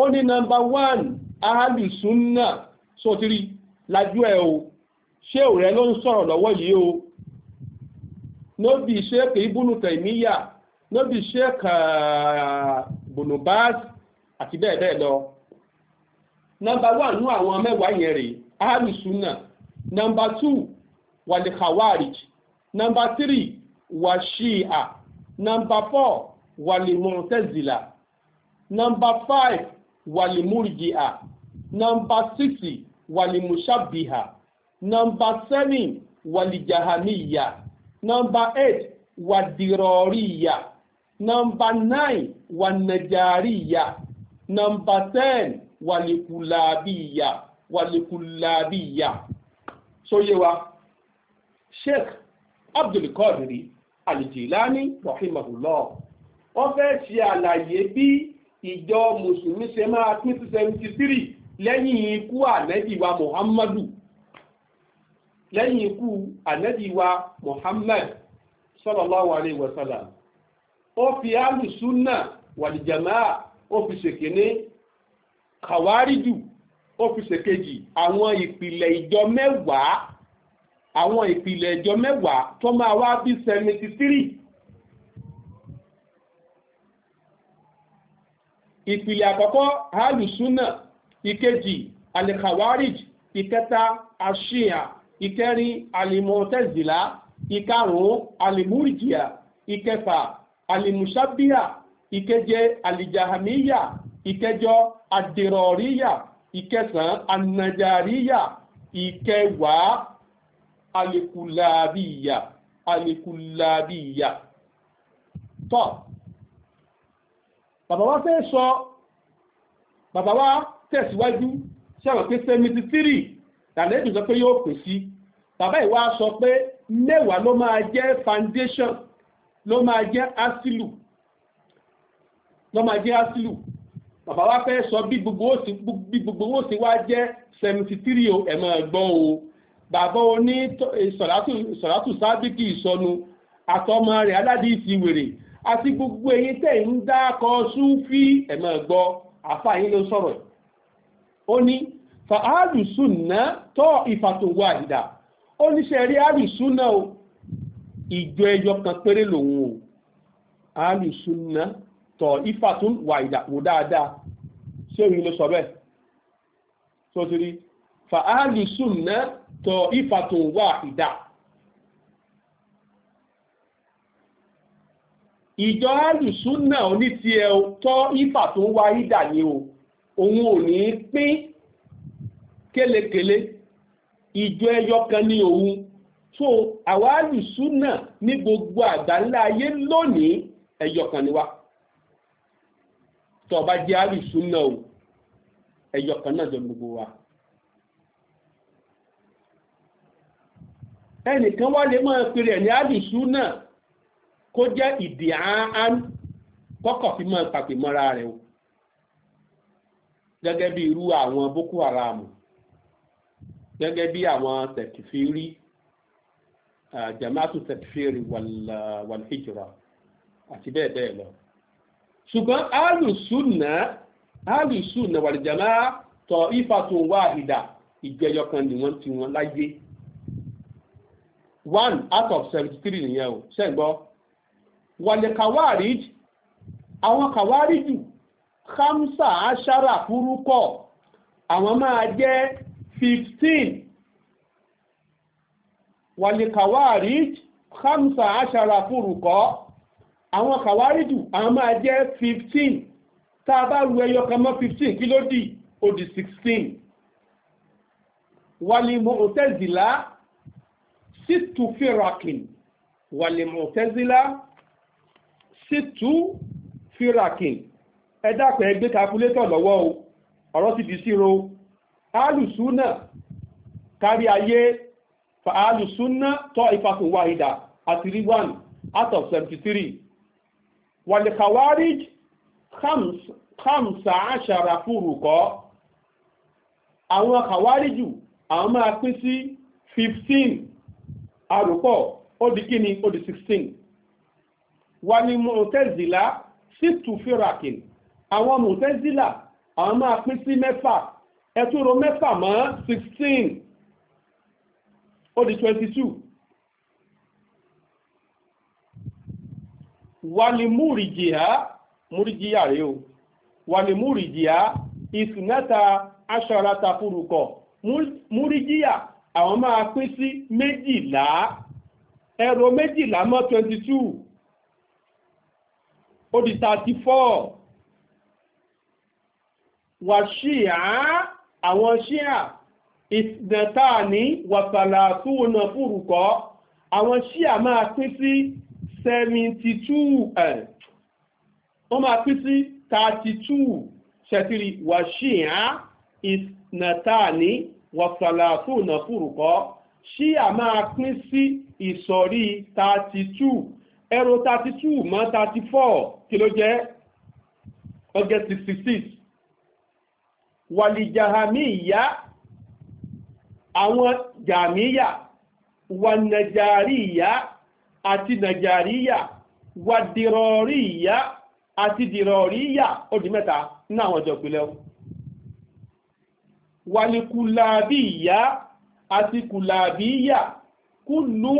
ó ní nọ́mbà one ahàlùsúnà sotiri lájú ẹ o ṣé òrẹ́ ló ń sọ̀rọ̀ lọ́wọ́ yìí o nóbi ṣéèkì ibùnú tẹ̀míyà nóbi ṣéèkì bùnùbáàsì àti bẹ́ẹ̀ bẹ́ẹ̀ lọ nọmba wà nú àwọn mẹ́wàá yẹn rèé alùsùnà nọmba tù wàlẹ̀ khawarij nọmba tírì wà ṣíà nọmba fọ́ wàlẹ̀ mọ̀tẹ́zìlà nọmba fáìf wàlẹ̀ múrìjìà nọmba sísì wàlẹ̀ mùsàbìhà nọmba sẹ́nìn wàlẹ̀ jahamiya nọmba eight wàdìrọ̀ríyà nọmba nine wànàjàríyà nọmba ten wàlíkùlàbíyà wàlíkùlàbíyà sóyè wa sheikh abdulkadiri alijilani rahimahullah wọ́n fẹ́ ṣe àlàyé bí ìjọ mùsùlùmí ṣe máa pín sí seventy three lẹ́yìn ikú ànẹ́bí wa muhammadu lẹ́yìn ikú ànẹ́bí wa muhammad sallallahu alayhi wa ó fi alùsùnà wàlìjàmáà ó fi ṣèkíní kàwáríjù ó fi ṣèkejì àwọn ìpìlẹ̀ ìjọ mẹ́wàá àwọn ìpìlẹ̀ ìjọ mẹ́wàá tó máa wá bí seventy three ìpìlẹ̀ àkọ́kọ́ alùsúnà ìkejì alìkàwárìj ìkẹta àṣìyà ìkẹrin alìmọ̀tẹ́zìlá ìkarùn-ún ìkẹfà alìmùsábíà ìkeje alìjahamiya ìkẹjọ adèrọ̀ríyà ìkẹsàn anajariya ìkẹwàá alikulabiya alikulabiya tọ́ bàbá wa fẹ́ sọ bàbá wa tẹ̀síwájú sọ̀rọ̀ pé seventy three làlẹ́dùn sọ pé yóò pè sí bàbá ìwà sọ pé mẹ́wàá ló máa jẹ́ foundation ló máa jẹ́ asilu lọ́ máa jẹ́ áṣìlù bàbá wa fẹ́ sọ bí gbogbo owó sí wá jẹ́ seventy three ẹ̀ máa gbọ́ o bàbá oní eh, sọ̀ràtù sábìkì ìsọnu àtọmọ rẹ̀ aládìsí wèrè àti gbogbo ẹ̀yin tẹ̀ ń dákọ̀ súnfí ẹ̀ máa gbọ́ àfa yín ló sọ̀rọ̀ ó ní fa alùsùnà tọ́ ìfàtòwò àdìdà ó ní ṣe rí alùsùnà o ìjọ ẹyọ kan péré lòun o alùsùnà tọ̀ ifá tún wà ìdàpọ̀ dáadáa ṣé òun ló sọ bẹ́ẹ̀ tó ti rí fàálù sunna tọ̀ ifá tún wà ìdá. ìjọ àlù sunna oní tiẹ̀ tọ́ ifá tún wà ìdá ni o òun ò ní pín kélekèle ìjọ ẹyọ kan ní òun so àwa àlù sunna ní gbogbo àgbáńlá ayé lónìí ẹyọ kan ni wa tó ọba jẹ́ àrùsùn náà o ẹyọ kan náà jọ gbogbo wa. ẹnìkan wá lè máa pèrè ní àrùsùn náà kó jẹ́ ìdè àán kọ́kọ̀ fi máa pàpè mọ́ra rẹ̀ o gẹ́gẹ́ bí irú àwọn Boko Haram gẹ́gẹ́ bí àwọn tẹ̀kìfìrí jamaatu tẹ̀kìfìrí wàlhíjìrà àti bẹ́ẹ̀ bẹ́ẹ̀ lọ. ṣùgbọ́n alùsù na wàlìjàmá tọ̀ ifá tó wá ìdá ìgbẹ́jọ kan ni láyé. 1 out of 73 nìyẹn o ṣẹ́gbọ́ wàlẹ̀ kàwáàrídì àwọn kàwáàrídì hamsa ashara àfúrúkọ àwọn máa jẹ́ 15 wàlìkàwáàrí hamsa ashara fúrukọ àwọn kàwárídù àwọn máa jẹ́ 15 tá a bá ru ẹyọ kan mọ́ 15 kí ló dì ó di 16 wàlìmọ̀ òtẹ́zìlá sítú fìràkìn wàlìmọ̀ òtẹ́zìlá sítú fìràkìn ẹ dákun ẹ gbé kakulétọ̀ lọ́wọ́ o ọ̀rọ̀ ti di síro alùsúnà kárí ayé fa alùsúnà tọ́ ìfàkùnwá ìdá àti rí 1 out of 73 wàlìkàwárìj khamsa ashara fúrùkọ́ àwọn kàwárìjù àwọn máa pín sí fifteen àrùkọ́ ó di kíni ó di sixteen wàlìmọ̀tẹ́zìlá sítù fìràkìn àwọn mọ̀tẹ́zìlá àwọn máa pín sí mẹ́fà ẹ̀túrò mẹ́fà mọ́ sixteen ó di twenty two. wàlímúrìjìá múrìjìá rèé o wàlímúrìjìá ìsùnẹ́ta aṣọ́rata fúrukọ̀ múrìjìá àwọn máa pín sí méjìlá ẹ̀rọ méjìlá mọ́ twenty two ó di thirty four wàṣíà àwọn ṣíà ìsìnẹ́ta ní wàsàlà túwọ̀nà fúrukọ̀ àwọn ṣíà máa pín sí seventy two ẹ̀ eh, wọ́n máa pín sí thirty two ṣẹ̀tìrì wàṣíà ìnàtàní wàsàlàtù nàfùrùkọ́ ṣíà máa pín sí ìsọ̀rí thirty two ẹ̀rọ thirty two mọ́ thirty four kí ló jẹ́ ọgẹ́ sixty six wàlìjàhámíyà àwọn jàmíyà wànàjàríyà àti nàìjíríà wà dìrọ̀ríyà àti dìrọ̀ríyà ó di mẹ́ta ní àwọn ọjọ́ ìpìlẹ̀ o wàlìkùlàbíyà àti kùlàbíyà kúlù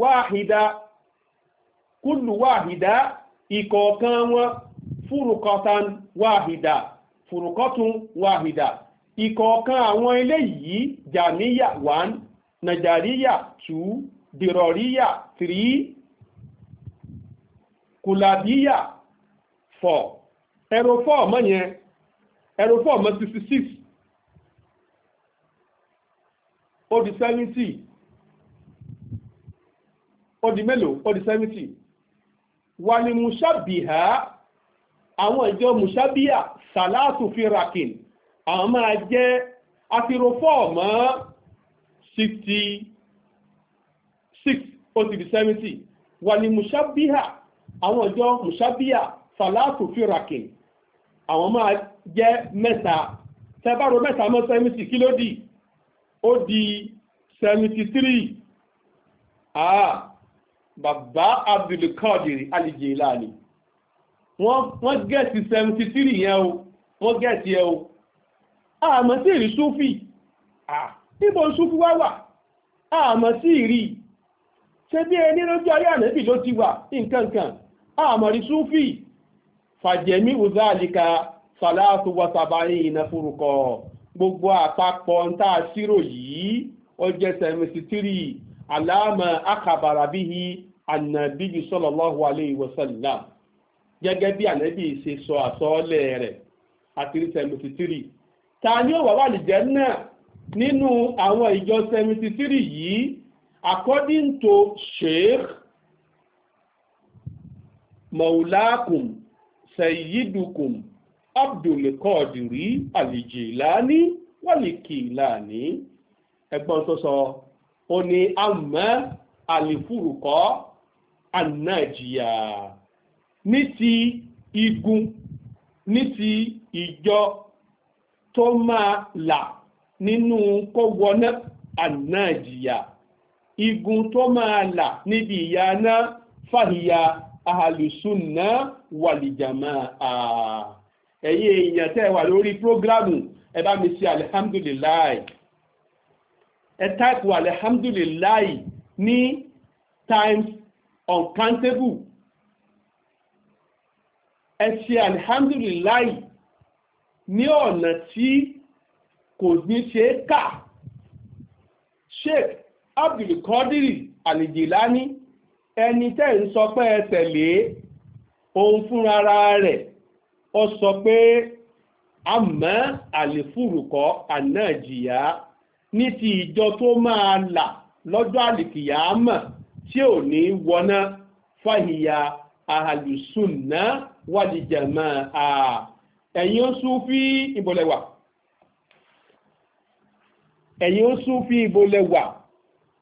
wáhìdá kúlù wáhìdá ìkọ̀ọ̀kan wọn fúrùkọ̀tàn wáhìdá fúrùkọ̀tún wáhìdá ìkọ̀ọ̀kan àwọn eléyìí jàmíyà 1 nàìjíríà dìrọ̀ríyà 3 kùlàbíyà 4 ẹ̀rọ 4 mọ́ yẹn ẹ̀rọ 4 mọ́ 66 ó di 70 ó di mélòó ó di 70 wà ní mùsàbíhà àwọn ìjọ mùsàbíhà sàlátù firakin àwọn máa jẹ́ àtirò 4 six ó ti di seventy wàlí mushabiha àwọn ọjọ́ mushabiha fàlàtò fìràkìn àwọn máa jẹ́ mẹ́ta tẹ́bárò mẹ́ta mọ́ seventy kí ló di ó di seventy three ah bàbá abdulkadir alijilani wọ́n gẹ̀ẹ́sì seventy three yẹn o wọ́n gẹ̀ẹ́sì yẹn o ah, àmọ́ sí ìrí súfì ah níbo súfì wá wà ah, àmọ́ sí ìrí ṣe bí ẹni lójú ayé ànẹ́bì ló ti wà nǹkankan àmọ̀rí súfì fàjẹ̀mí uzalika salatu wasabari ìnafurukọ gbogbo àpapọ̀ ń tà sírò yìí ó jẹ́ seventy three alama akabara bihi anabiyu sallallahu alayhi wa sallam gẹ́gẹ́ bí ànẹ́bì ṣe sọ àsọ́ọ́lẹ̀ rẹ̀ àti seventy three ta ni ó wà wà lìjẹ́ náà nínú àwọn ìjọ seventy yìí according to Sheikh Maulakum Sayyidukum Abdul Qadir Al-Jilani Wal-Kilani ẹgbọ́n tó sọ ó ní àmọ́ àlìfúrùkọ́ ànájìyà ní ti igun ní ti ìjọ tó máa là nínú kó wọná ànájìyà igun tó máa là níbi ìyá náà fàhíyà ahàlùsùnà wàlìjàmà à ẹ̀yin èèyàn tẹ́ wà lórí prógrámù ẹ bá mi ṣe alihamdulilayi ẹ táìpù alihamdulilayi ní times uncountable ẹ ṣe alihamdulilayi ní ọ̀nà tí kò ní ṣe é kà sheikh abdulkadiri alijilani ẹni tẹ́ ń sọ pé ẹ tẹ̀lé òun fúnra rẹ̀ ọ sọ pé àmọ́ àlefúrukọ ànájìyà ní ti ìjọ tó máa là lọ́jọ́ àlìkìyàmà tí ò ní wọná fàhìyà àhàlùsùnà wàlìjàmà à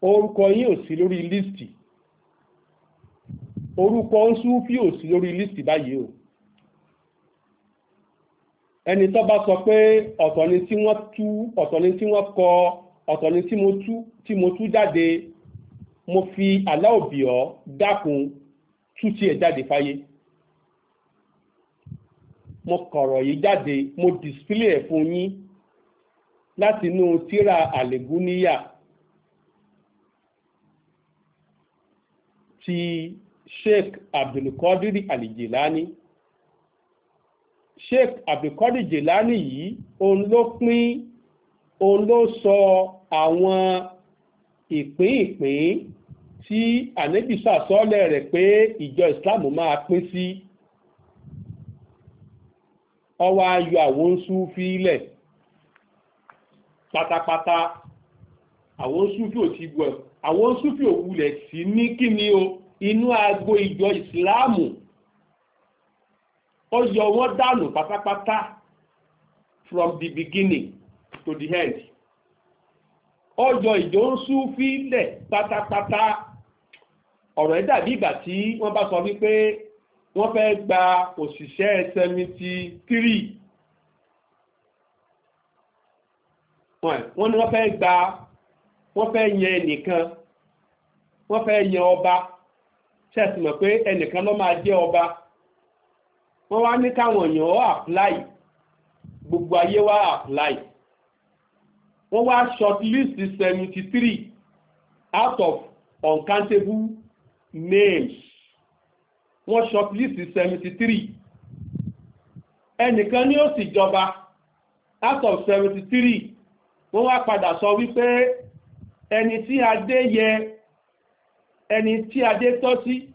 orúkọ yín ò sí lórí lístì orúkọ ń súnfí ò sí lórí lístì báyìí o ẹni tó bá sọ pé ọ̀tọ̀ ni tí wọ́n tú ọ̀tọ̀ ni tí wọ́n kọ ọ̀tọ̀ ni tí mo tú tí mo tú jáde mo fi aláòbí ọ dákun tú tiẹ̀ jáde fáyé mo kọ̀rọ̀ yìí jáde mo display fún yín látinú tíra àlègúníyà ti sheikh abdulkadir alijilani sheikh abdulkadir jilani yìí òun ló pín òun ló sọ àwọn ìpín ìpín tí ànábì sàsọ́lẹ̀ rẹ̀ pé ìjọ islam máa pín sí ọwọ́ ayọ̀ àwọn súfì ilẹ̀ pátápátá àwọn súfì ti gbọ́ àwọn súfì òwúlẹ̀ sí ní kí ni o inú agbo ìjọ ìsìláàmù ó yọ wọ́n dànù pátápátá from the beginning to the end ó yọ ìjọ ń súfì lẹ̀ pátápátá ọ̀rọ̀ ẹ̀ dàbí ìgbà tí wọ́n bá sọ wípé wọ́n fẹ́ gba òṣìṣẹ́ seventy three wọ́n ní wọ́n fẹ́ gba wọ́n fẹ́ yan ẹnìkan wọ́n fẹ́ yan ọba ṣẹ̀sì mọ̀ pé ẹnìkan ló máa jẹ́ ọba wọ́n wá ní káwọn èèyàn ó apply gbogbo ayé wá apply wọ́n wá shortlist seventy three out of uncountable names wọ́n shortlist seventy three ẹnìkan ni ó sì jọba out of seventy three wọ́n wá padà sọ wípé ẹni tí adé yẹ ẹni tí adé tọ́ sí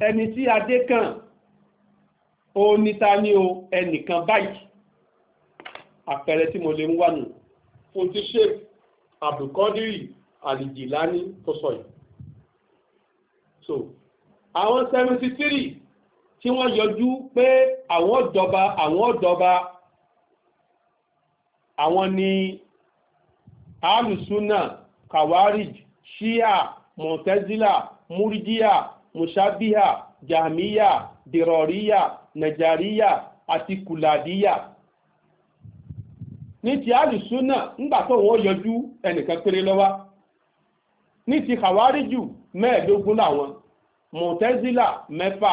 ẹni tí adé kàn ó níta ní o ẹnìkan báyìí àpẹẹrẹ tí mo lè ń wà nù fún ti sheikh abdulkadiri alijilani tó sọ yìí so àwọn seventy three tí wọ́n yọjú pé àwọn ọ̀dọ́ba àwọn ọ̀dọ́ba àwọn ni alùsùn náà khawarij shia mutazila murjia mushabiha jahmiya diroriya najariya àti kuladiya ní ti alùsù náà ńgbà tó wọ́n yọjú ẹnìkan péré lọ́wá ní ti khawarij mẹ́ẹ̀dógún láwọn mutazila mẹ́fà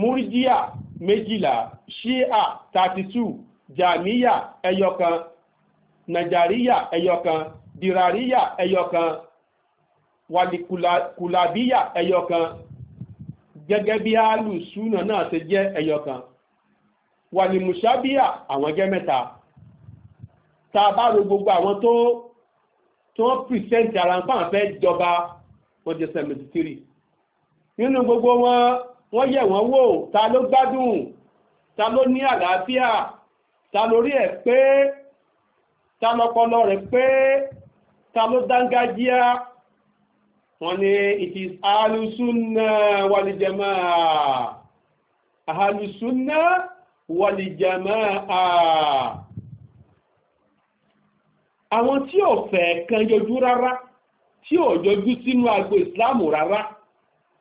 murjia méjìlá shia 32 jamiya ẹyọkan nijariya ẹyọkan Diraria ẹyọkan wàlìkùlàbíyà ẹyọkan gẹ́gẹ́ bí alùsùnà náà ṣe jẹ́ ẹyọkan wàlìmùsábíyà àwọn jẹ́ mẹ́ta tá a bá ro gbogbo àwọn tó tó ń pìrìsẹ́ǹtì ara nǹkan fẹ́ jọba wọ́n jẹ́ seventy three nínú gbogbo wọn wọ́n yẹ̀ wọ́n wò ta ló gbádùn ta ló ní àlàáfíà ta lórí ẹ̀ pé ta lọ́pọlọ rẹ̀ pé ta ló dángájíá it is alusunna wal jamaa alusunna wal jamaa àwọn tí ò fẹ́ kan yọjú rárá tí ò yọjú sínú agbo ìsìláàmù rárá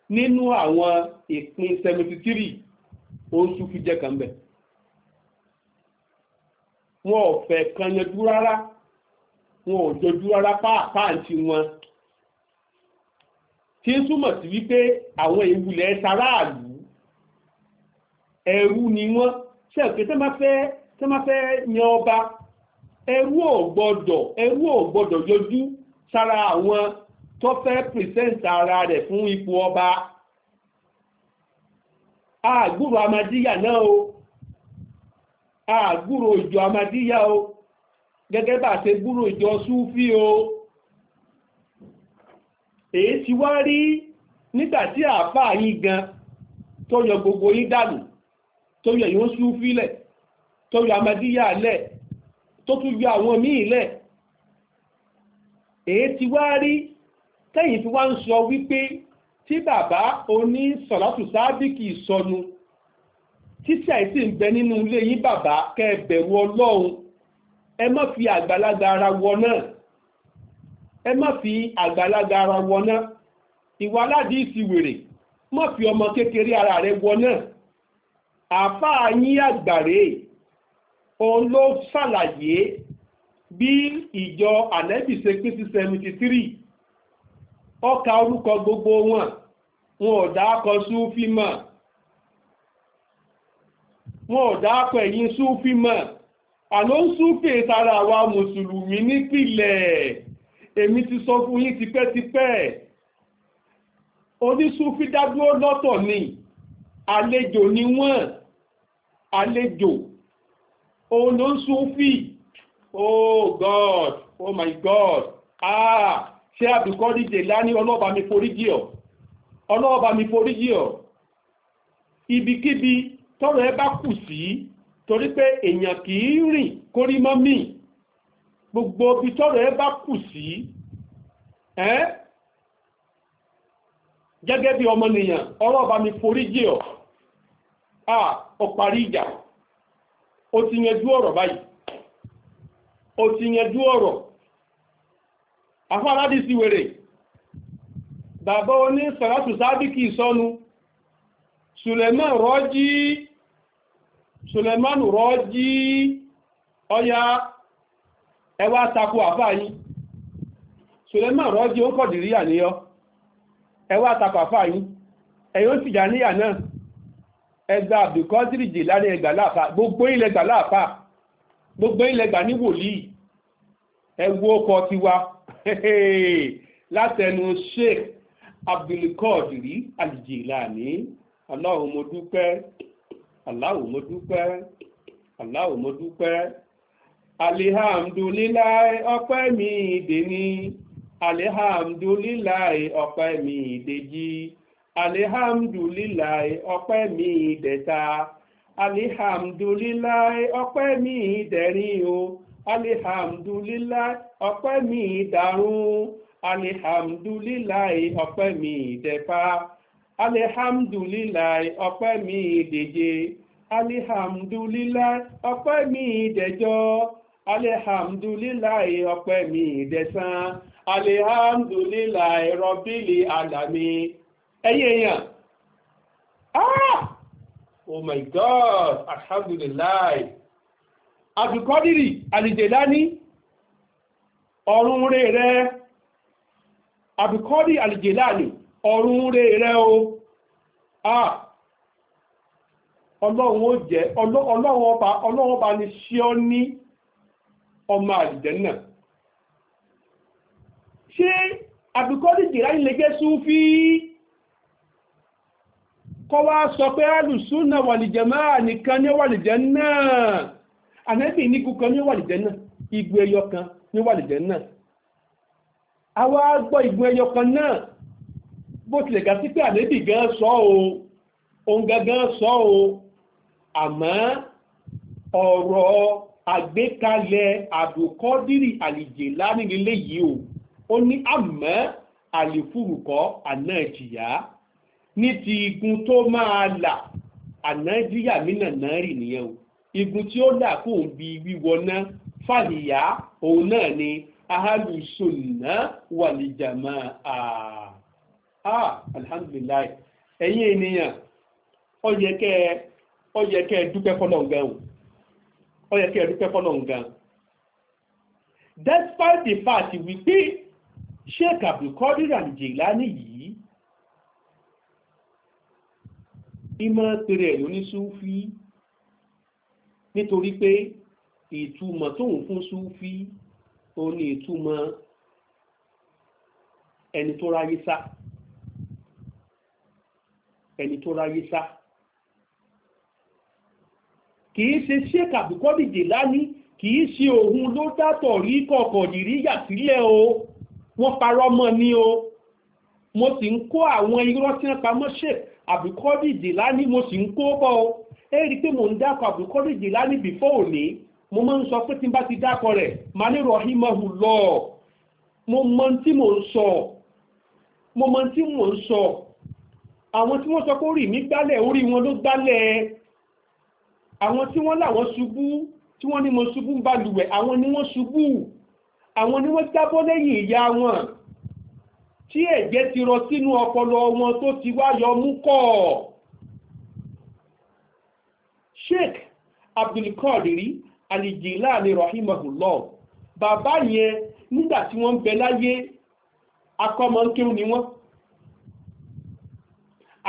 nínú àwọn ìpín 73 oṣù fi jẹ́ kan bẹ̀ wọ́n ò fẹ́ kan yọjú rárá wọn ò dojú rárá páàpáàntì wọn tí ń túmọ̀ sí wípé àwọn ìwulẹ̀ sàráàlú ẹrú ni wọ́n ṣe òkè tó máa fẹ́ tó máa fẹ́ yan ọba ẹrú ò gbọ́dọ̀ ẹrú ò gbọ́dọ̀ yọjú sára àwọn tó fẹ́ pìrìsẹ́ǹtì ara rẹ̀ fún ipò ọba àgbúrò amadíyà náà o àgbúrò ìjọ amadíyà o gẹ́gẹ́ bá ṣe gbúrò ìjọ súfí o èyí tí wá rí nígbàtí àáfàá yín gan tó yọ gbogbo yín dànù tó yọ yóò súfí lẹ̀ tó yọ amadíyà lẹ̀ tó tún yọ àwọn míì lẹ̀ èyí tí wá rí tẹ́yìn fi wá ń sọ wípé tí bàbá oní sọ̀látù sábìkì sọnù títí àìsí ń bẹ nínú ilé yín bàbá kẹ́ bẹ̀rù ọlọ́run ẹ má fi àgbàlagbà ara wọ náà ẹ má fi àgbàlagbà ara wọ náà ìwà aládìí ìsìwèrè má fi ọmọ kékeré ara rẹ wọ náà àáfàá yín àgbàre òun ló ṣàlàyé bí ìjọ ànẹ́bì ṣe pín sí seventy three ọkà orúkọ gbogbo wọn wọn ò dákọ súnfì mọ́ wọn ò dákọ ẹ̀yìn súnfì mọ́ àló ń súnfè tara àwa mùsùlùmí nípìlẹ̀ èmi ti sọ fún yín tipẹ́tipẹ́ onísúnfì dádúró lọ́tọ̀ ni àlejò ni wọ́n àlejò òun ló ń oh god oh my god ah ṣé àbíkọ́ díje lání ọlọ́ọ̀bá mi forí jì ọ́ ọlọ́ọ̀bá mi forí jì ọ́ ibikíbi tọ́rọ̀ ẹ bá kù sí torí pé èèyàn kì í rìn kórí mọ́ mí gbogbo ibi tọ́rọ̀ ẹ bá kù sí ẹ́ gẹ́gẹ́ bí ọmọnìyàn ọ̀rọ̀ bá mi forí jì ọ́ à ó parí ìjà ó ti yanjú ọ̀rọ̀ báyìí ó ti yanjú ọ̀rọ̀ afárádì sí wèrè bàbá oní sàrátù sábìkì sọnù sùlẹ̀mọ́ rọ́jí Suleiman Rọ́jí ọya ẹwà takò àfà yín Suleiman Rọ́jí ó kọ̀dìrí àníyọ ẹwà takò àfà yín ẹ̀yọ́ sì naa náà ẹgbà Abdulkadir Jilani ẹgbà láàfà gbogbo ilẹ̀ gbà láàfà gbogbo ilẹ̀ gbà ní wòlíì ẹwọ́ ọkọ̀ tiwa látẹnu Sheikh Abdulkadir Al-Jilani mo dúpẹ́ Allahu mo dúpẹ́ Allahu mo dúpẹ́ alihamdulilayi ọpẹ́ mi ìdèní alihamdulilayi ọpẹ́ mi ìdèjì alihamdulilayi ọpẹ́ mi ìdẹ̀ta alihamdulilayi ọpẹ́ mi ìdẹ̀rin o alihamdulilayi ọpẹ́ mi ìdàrún alihamdulilayi ọpẹ́ mi ìdẹ̀fà alihamdulilayi ọpẹ́ mi ìdèje alihamdulilayi ọpẹ́ mi ìdẹjọ alihamdulilayi ọpẹ́ mi ìdẹsán alihamdulilayi rọbìlì alami ẹyẹ yẹn ah oh my god alihamdulilayi abdulkadiri alijelani ọ̀run rẹ̀ rẹ̀ abdulkadiri alijelani. ọ̀run rẹ̀ rẹ̀ o ọlọ́run ó jẹ́ ọlọ́run ọba ọba ni ṣé ní ọmọ àdìjẹ́ náà ṣé àbíkọ́dì lè ilé jẹ́ súnfí kọ́ wá sọ pé alùsùn náà wàlìjẹ́ máa nìkan ní wàlìjẹ́ náà kan ní náà igun ẹyọ kan ní náà igun ẹyọ kan náà bó tilẹ̀ ga sí pé ànẹ́bì gan sọ o òun gangan sọ o àmọ́ ọ̀rọ̀ àgbékalẹ̀ àbùkọ́dírì àlìjè yìí o ó ní àmọ́ àlìfúrùkọ́ àná ìjìyà ní igun tó máa là àná jíyà mínà náà rì igun tí ó là fàlìyà òun náà ni ah alhamdulilayi ẹ̀yin ènìyàn ó yẹ kẹ́ ó yẹ kẹ́ dúpẹ́ fọ́lọ́run gan ó yẹ despite the fact wípé Sheikh Abdulkadir Al-Jilani yìí ìmọ̀ pèrè ẹ̀ lóní súfí nítorí pé ìtumọ̀ tóun fún súfí òun ni ìtumọ̀ ẹni tó ráyé sá ẹni tó ráyé sá kìí ṣe sheik abdulkadir lani kìí ṣe òun ló dátọ̀ rí kọ̀ọ̀kọ̀ nìríyà sílẹ̀ o wọ́n parọ́ mọ́ ni o mo sì ń kó àwọn irọ́ tí wọ́n pamọ́ sheik abdulkadir lani mo sì ń kó bọ́ o ẹ rí i pé mo ń dákọ̀ abdulkadir lani before òní mo máa ń sọ pé tí n bá ti dákọ̀ rẹ̀ máa ní rahimahu lọ mo mọ tí mo ń sọ mo mọ tí mo ń sọ àwọn tí wọ́n sọ pé orí mi gbálẹ̀ orí wọn ló gbálẹ̀ àwọn tí wọ́n làwọn ṣubú tí wọ́n ní mo ṣubú ń balùwẹ̀ àwọn ni wọ́n ṣubú àwọn ni wọ́n jábọ́ lẹ́yìn ìyá wọn tí ẹ̀jẹ̀ ti rọ sínú ọpọlọ wọn tó ti wá yọ mú kọ́ Sheikh Abdulkadiri Alijilani rahimahullah bàbá yẹn nígbà tí wọ́n ń bẹ láyé akọ́mọ ń kéwù ni wọ́n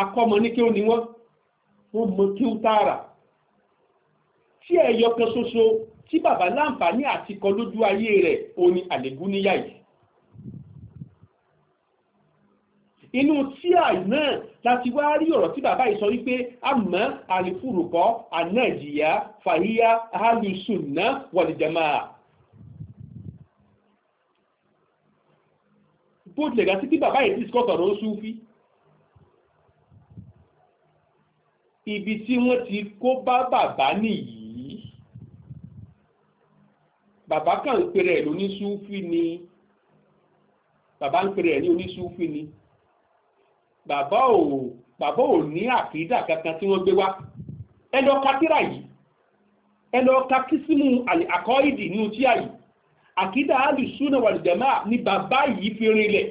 akọ́mọ ní kí ó ní wọ́n wọ́n mọ kí ó tààrà tí ẹ̀yọ kan ṣoṣo tí bàbá láǹfààní àti kọ lójú ayé rẹ̀ òun ni àlègún níyà yìí inú tíà náà láti wá rí ọ̀rọ̀ tí bàbá yìí sọ wípé àmọ́ àlìfúrùkọ́ ànájìyà fàhíyà alùsùnà wọ̀lìjàmà bó tilẹ̀ gà sí kí bàbá yìí discuss ọ̀rọ̀ Súfí ibi tí wọ́n ti kó bá bàbá nìyí bàbá kan ń pèrè ẹ̀ lóníṣúfì ni bàbá ń pèrè ẹ̀ ní oníṣúfì ni bàbá ò bàbá ò ní àkídà kankan tí wọ́n gbé wá ẹ lọ ka tírà yìí ẹ lọ ka kísímù àkọ́ ní ojú àyè àkídà alùsùn náà wà lùdẹ̀má ni bàbá yìí fi rinlẹ̀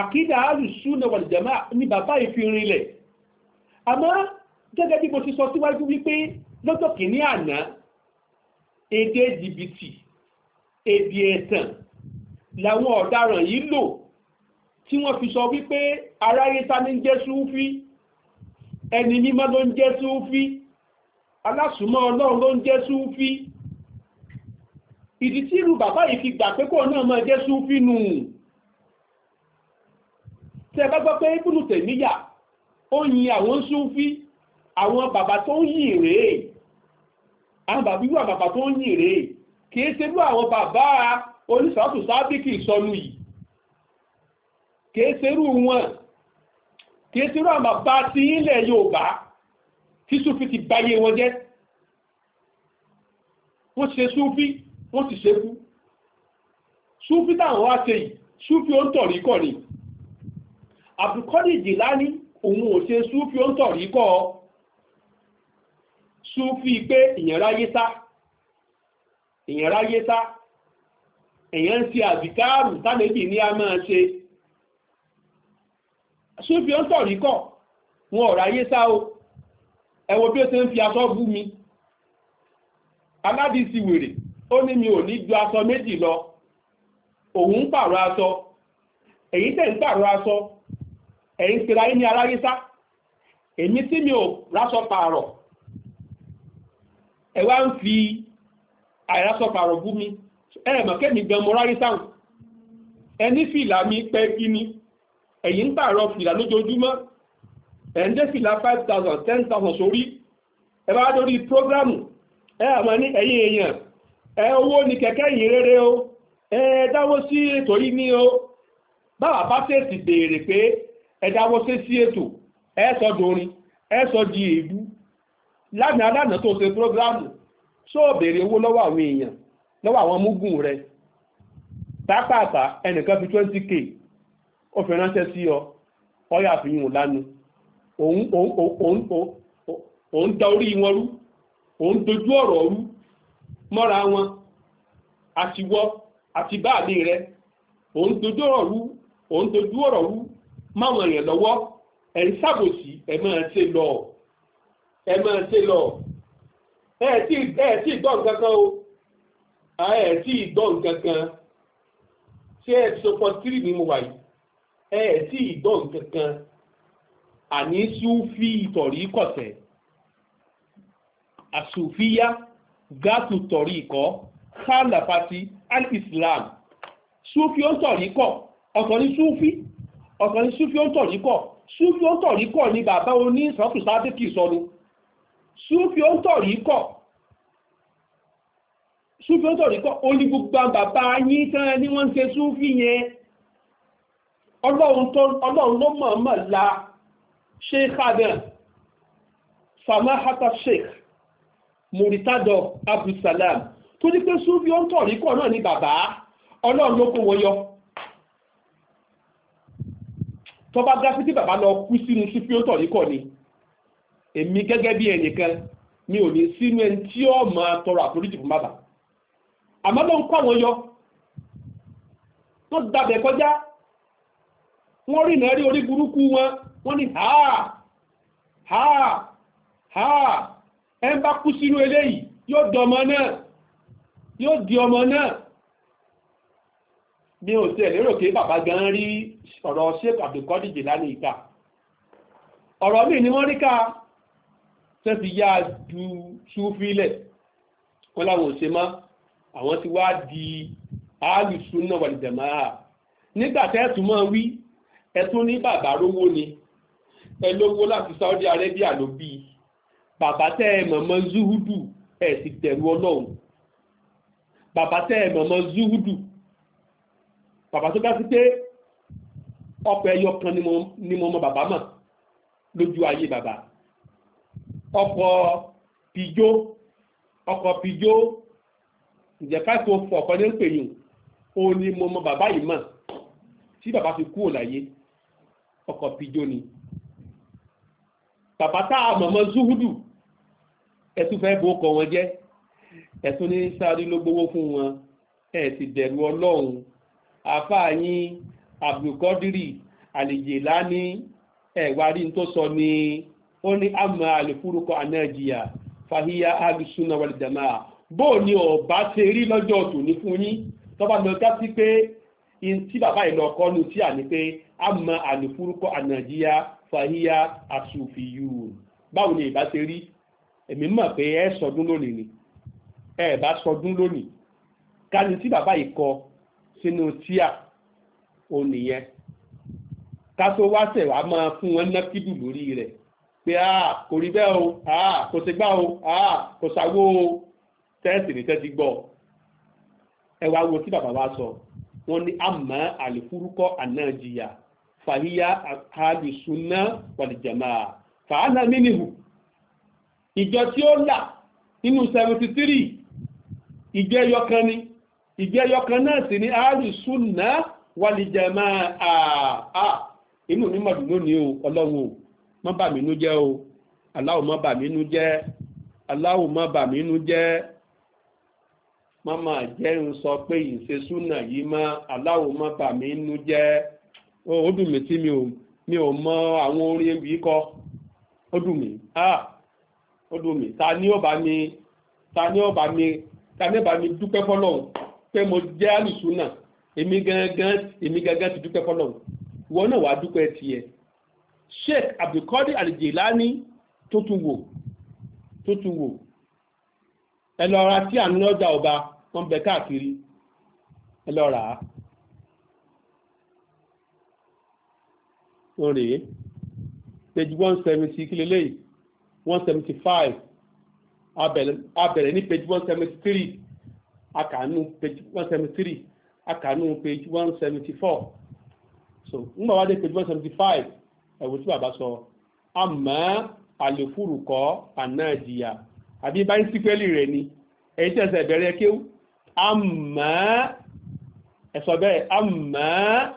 àkídà alùsùnà wal jamaa ní bàbá ìfihàn ilẹ̀ àmọ́ gẹ́gẹ́ bí mo ti sọ síwájú wípé lọ́jọ́ kìíní àná èdè jìbìtì èdè ẹ̀tàn làwọn ọ̀daràn yìí lò tí wọ́n fi sọ wípé aráyé ta ní jẹ́ súfí ẹni mímọ́ ló ń jẹ́ súfí alásùmọ́ ọlọ́run ló ń jẹ́ súfí ìdí tí irú bàbá yìí fi gbà pé kò náà máa jẹ́ súfí nù tí ẹ bá gbọ́ pé ibùdó tèmíyà ó yin àwọn súnfí àwọn bàbá tó ń yìn rèé àwọn bàbá irú àbàbà tó ń yìn rèé kì í ṣe irú àwọn bàbá oníṣàtò sábìkì ìsọnù yìí kì í ṣe irú wọn kì í ṣe irú àwọn bàbá ti ilẹ̀ Yorùbá tí súnfí ti báyé wọn jẹ́ wọ́n ti ṣe súnfí wọ́n ti ṣe kú súnfí táwọn wá ṣe yìí súnfí ó ń tọ̀rí kọ̀ ni. Abdulkadir Jìlání òun ò ṣe súfì ó ń tọ̀rí kọ́ súfì pé èèyàn ráyé sá èèyàn ráyé sá èèyàn ń ṣe àbíkáàrù tálẹ́bì ní a máa ṣe súfì ó ń tọ̀rí kọ́ wọn ò ráyé sá o ẹ wo bí ó ṣe ń fi aṣọ bú mi aládìsí wèrè ó ní mi ò ní ju aṣọ méjì lọ òun ń pààrọ̀ aṣọ èyí tẹ̀ ń pààrọ̀ aṣọ ẹ̀yin pèrè ayé ní aráyé sá èmi tí mi ò rásọ pààrọ̀ Ewa wá ń fi àìrásọ pààrọ̀ bú mi ẹ mọ̀ kẹ́mi gan mo ráyé sáhùn ẹni mi pẹ́ kí ni ẹ̀yin ń pààrọ̀ fìlà lójoojúmọ́ ẹ̀ fìlà five thousand ten thousand sórí ẹ bá lórí prógrámù ẹ àmọ́ ní ẹ̀yin èèyàn ẹ owó ni kẹ̀kẹ́ yìí rere o ẹ dáwó sí ètò yìí ní o báwa bá fèsì béèrè pé ẹ̀dáwó sí sí ètò ẹ̀ẹ́sọ dorin ẹ̀ẹ́sọ di èébú lánàá lánàá tó ṣe prógráàmù tó béèrè owó lọ́wọ́ àwọn èèyàn lọ́wọ́ àwọn múgùn rẹ̀ pápápá ẹnìkan fi twenty k ó fi ránṣẹ́ sí ọ ọyà àfihàn lánu òun da orí wọn rú òun dojú ọ̀rọ̀ rú mọ́ra wọn àtiwọ́ máwọn èèyàn lọ́wọ́ ẹ̀ ń ṣàbòsí ẹ̀ máa ṣe lọ ẹ̀ máa ṣe lọ ẹ̀ tí ẹ̀ tí gbọ́ nǹkan kan o ẹ̀ tí gbọ́ nǹkan kan ṣé ẹ̀ tí sọpọ̀ tírì ni mo wà yìí ẹ̀ tí gbọ́ nǹkan kan àní sùfì ìtọ̀rí kọ̀tẹ̀ àsùfíyá gátù tọ̀rí ikọ̀ kálàfàtì al-Islam sùfì ó tọ̀rí kọ̀ ọ̀tọ̀ ní sùfì ọ̀kan ní súfí ó ń tọ̀ríkọ̀ súfí ó ń tọ̀ríkọ̀ ni bàbá oní ìsọ́kù sádìkì sọnu súfí ó ń tọ̀ríkọ̀ súfí ó ń tọ̀ríkọ̀ ó ní gbogbo bàbá yín tán ni wọ́n ń ṣe súfí yẹn ọlọ́run ló mọ̀ọ́mọ̀ la sheikh adam samahata sheikh muritadọ abdulsalam tó ní pé súfí ó ń tọ̀ríkọ̀ náà ni bàbá ọlọ́run ló kó wọn tó bá dá sí tí bàbá lọ kú sínú sípíọ́tọ̀ yìí kọ́ ni èmi gẹ́gẹ́ bí ẹnìkan mi ò ní sínú ẹni tí ó máa tọrọ àforíjì fún bàbá àmọ́ ló ń kọ́ àwọn yọ tó dàbẹ̀ kọjá wọ́n rí ìnárí orí burúkú wọn wọ́n ní ha ha ha ẹ ń bá kú sínú eléyìí yóò di ọmọ náà yóò di ọmọ náà mi ò tiẹ̀ lérò pé bàbá gan rí ọ̀rọ̀ Sheikh Abdulkadir Jilani ìka ọ̀rọ̀ míì ni wọ́n rí ká tẹ́ fi yá ju súfílẹ̀ wọ́n láwọn ò ṣe mọ́ àwọn ti wá di alùsùnà wàlìjàmáà nígbà tẹ́ẹ̀tù mọ́ wí ẹ̀tún ní bàbá rówó ni ẹlówó láti Saudi Arabia ló bí bàbá tẹ́ ẹ mọ̀mọ́ zuhudu ẹ̀ sì tẹ̀rù ọlọ́run bàbá tẹ́ ẹ mọ̀mọ́ zuhudu bàbá tó dásí pé ọ̀pọ̀ ẹyọ kan ni mo mọ bàbá mọ̀ lójú ayé bàbá ọkọ̀ pijó ọkọ̀ pijó ìjẹ̀káìkò fọ̀ọ̀kan ní ń pè yùn ó ní mo mọ bàbá yìí mọ̀ tí bàbá fi kúrò láyé ọkọ̀ pijó ni bàbá tá a mọ̀mọ́ zuhudu ẹ̀tún fẹ́ bó kọ wọn jẹ́ ẹ̀tún ní sáré ló gbowó fún wọn ẹ̀ sì dẹ̀rù ọlọ́run àfààyìn abdulkadiri àlìjèlání ẹ̀wárí tó sọ ni ó ní àmà àlùfúrúkọ anájìyà fàhíyà alùsùnà wal jamaa bó ni ọba ṣe rí lọ́jọ́ tòní fún yín tọ́ba lọ dá sí pé tí bàbá ìlọ́kọ́ nu tí à ní pé àmà àlùfúrúkọ anájìyà fàhíyà àsùfìyù báwo ni ìbá ṣe rí èmi mọ̀ pé ẹ sọdún lónìí ni ẹ bá sọdún lónìí kálí bàbá yìí sínú tíà ó nìyẹn ká tó wá sẹ̀ máa fún wọn nẹ́kídù lórí rẹ̀ pé a kò rí bẹ́ẹ̀ o a kò sí gbá o a kò sáwó o tẹ́ẹ̀sì ní tẹ́ẹ̀sì gbọ́ ẹ wá wo tí bàbá wa sọ wọn ní àmọ́ àlùfúrúkọ ànájìyà fàhíyá àhàlùsùnà wàlìjàmà fàánà ìjọ tí ó ni ìjẹyọkan náà sì ni alùsùnà wàlìjàmá àà inú mi mọ̀dún lónìí o ọlọ́run o má bà mí jẹ́ o Allahu má bà mí jẹ́ Allahu má bà mí nú jẹ́ mama jẹun sọ pé ìṣe súnà yìí má Allahu má bà mí nú jẹ́ ó dùn mí tí mi ò mi ò mọ àwọn orin yìí kọ ó dùn mí ó dùn mí ta ni ó bá mi ta ni ó bá mi ta ni ó bá mi dúpẹ́ fọlọ́hún pé mo jẹ́ àlùsùnà èmi gangan èmi gangan ti dúpẹ́ fọlọ́n ìwọ náà wàá dúpẹ́ tiẹ̀ Sheikh Abdulkadir Al-Jilani tó tún wò tó wò ẹ tí àánú ọjà ọba wọn bẹ káàkiri ẹ lọ rà á page one seventy kílẹ̀ lẹ́yìn one seventy five abẹ̀rẹ̀ ní page one seventy three. akanu page 173 akanu page 174 so ngba dị de page 175 e wo ti baba so ama alifuruko anadia abi ba nti peli re ni e ti se bere kew ama e so be ama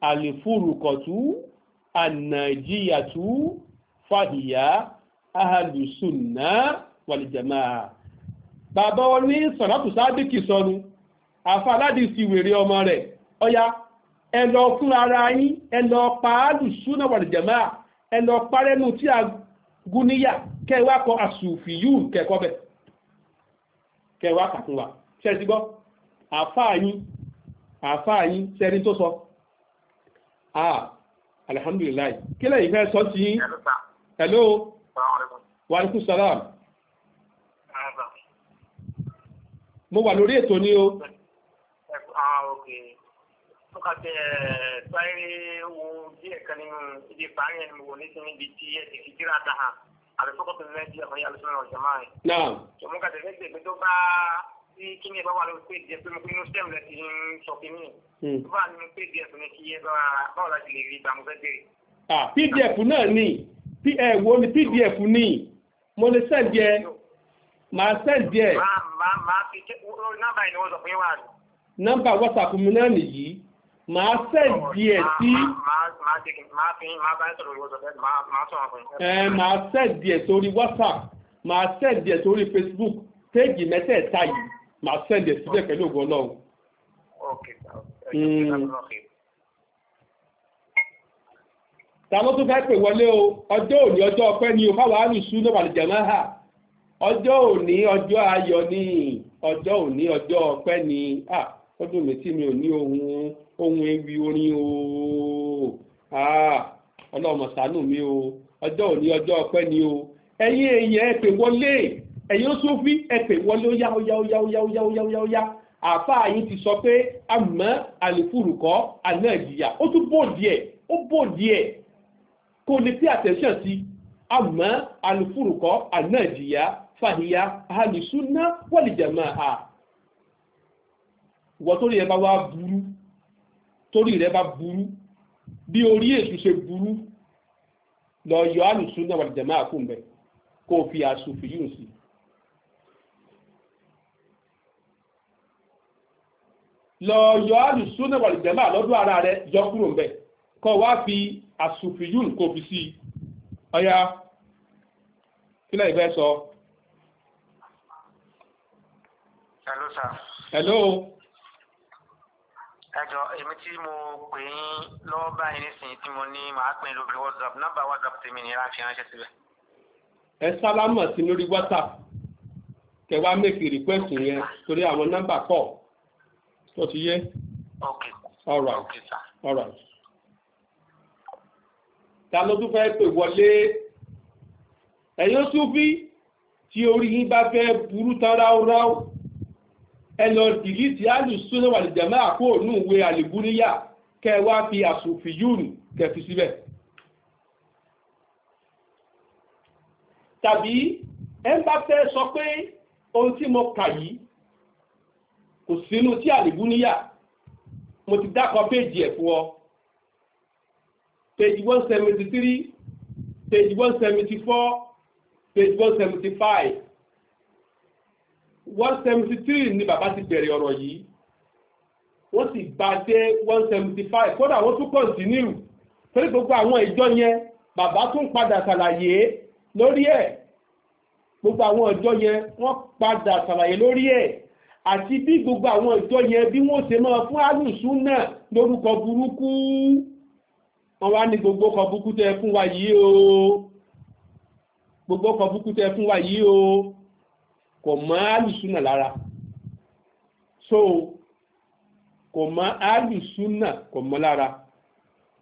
alifuruko tu anadia tu fadia ahlus sunnah wal jamaah bàbá wọn ní sàràtù sábìkì sọnù àfa aládìsí wèrè ọmọ rẹ̀ ọya ẹ lọ fún ara yín ẹ lọ pa alùsúnà wàlìjàmá ẹ lọ parẹ́nu tí a gún níyà kẹwàá kọ àsùfì yìí kẹkọọ bẹ kẹwàá kàkún wa ṣe ti gbọ́ àfáà yín àfáà yín sẹ́ni tó sọ ah alhamdulilayi kí lẹ́yìn fẹ́ sọ sí hello wa alaikum salaam. mo wà lórí ètò ni o. Ah, ok tó ká tẹ ẹ sáré wo díẹ̀ di àwọn yàrá sọ̀rọ̀ ọ̀jọ̀ máa yìí. náà. mo ká tẹ̀lé gbèsè tó bá tí kí ni ẹ bá wà lórí péjì ẹ pé mo pinnu stem rẹ ti ń sọ kínní. tó hmm. bá nínú péjì ẹ fún mi kí ẹ bá báwo ah, pdf náà ni ẹ eh, wo ni pdf ni mo lè sẹ́ǹdì ẹ. Ma sẹ́ǹdì ẹ̀. màá fi nọ́mbà yìí ni wọ́n mi màá sẹ́ǹdì ẹ̀ sí. Facebook péèjì mẹ́tẹ̀ẹ̀ta yìí ma sẹ́ǹdì ẹ̀ síbẹ̀ pẹ̀lú ògo Ọlọ́run. Hmm. ta ló tún fẹ́ pè wọlé o ọjọ́ òní ọjọ́ ọpẹ́ ni o ọjọ́ òní ọjọ́ ayọ̀ ní ọjọ́ òní ọjọ́ ọpẹ́ ni ọdún mi tí mi ò ní ohun ohun ewì orin ooo ọlọ́mọ ṣàánú mi o ọjọ́ òní ọjọ́ ọpẹ́ ni o ẹ̀yin èèyàn ẹ pè wọlé ẹ̀yin ẹ pè wọlé ó yá ó yá ó ti sọ pé àmọ́ àná ìjìyà ó tún ó sí àmọ́ àná fàhíyá ahàlùsúnná wọ̀lìjàmáà à ìwọ torí rẹ bá wá burú torí rẹ bá burú bí orí èṣù ṣe burú lọ yọ ahàlùsúnná wọ̀lìjàmáà àkùn bẹ kó o fi àṣùfì yìí sí. lọ yọ ahàlùsúnná wọ̀lìjàmáà lọ́dún ara rẹ yọ kúrò ń bẹ kó wá fi àṣùfì yìí kó o fi sí i kí lóye fẹ́ sọ. So. hello sir. hello. ẹjọ èmi tí mo pè yín lọ́wọ́ báyìí nísìnyí tí mo ní màá pè lórí whatsapp nọ́mbà whatsapp tèmi ni láti ránṣẹ́ síbẹ̀. ẹ sálámọ̀ sí lórí whatsapp kẹwàá mẹ́kì rìkwẹ́sì yẹn torí àwọn nọ́mbà kọ̀ tó ti yé. ok all right ok sir. all right. ta ló tún fẹ́ pè wọlé ẹ̀yin Sufi tí orí yín bá fẹ́ burú tán ráúráú ẹ lọ dìlítì alùsùn náà wà lè jẹ̀mọ́ àpò òun ìwé àlèbú níyà kẹ wá fi àsòfin yúùnù kẹ fi síbẹ̀. tàbí ẹ sọ pé ohun tí mo kà yìí kò sínú tí àlèbú níyà mo ti dákọ péjì ẹ̀ fún ọ page one seventy three page one seventy four page one seventy five one seventy three ni bàbá ti bẹ̀rẹ̀ ọ̀rọ̀ yìí wọ́n sì bá dé one seventy five kódà wọ́n tún kọ̀ǹtínú torí gbogbo àwọn ìjọ yẹn bàbá tún padà ṣàlàyé lórí ẹ̀ gbogbo àwọn ìjọ yẹn wọ́n padà ṣàlàyé lórí ẹ̀ àti bí gbogbo àwọn ìjọ yẹn bí wọ́n ṣe máa fún àlùsùn náà lórúkọ burúkú wọ́n wá ní gbogbo ọkọ̀ burúkú tẹ́ fún wa yìí o gbogbo ọkọ̀ burúkú tẹ́ fún wa yìí o kò mọ́ alùsùnà lára so kò mọ́ alùsùnà kò mọ́ lára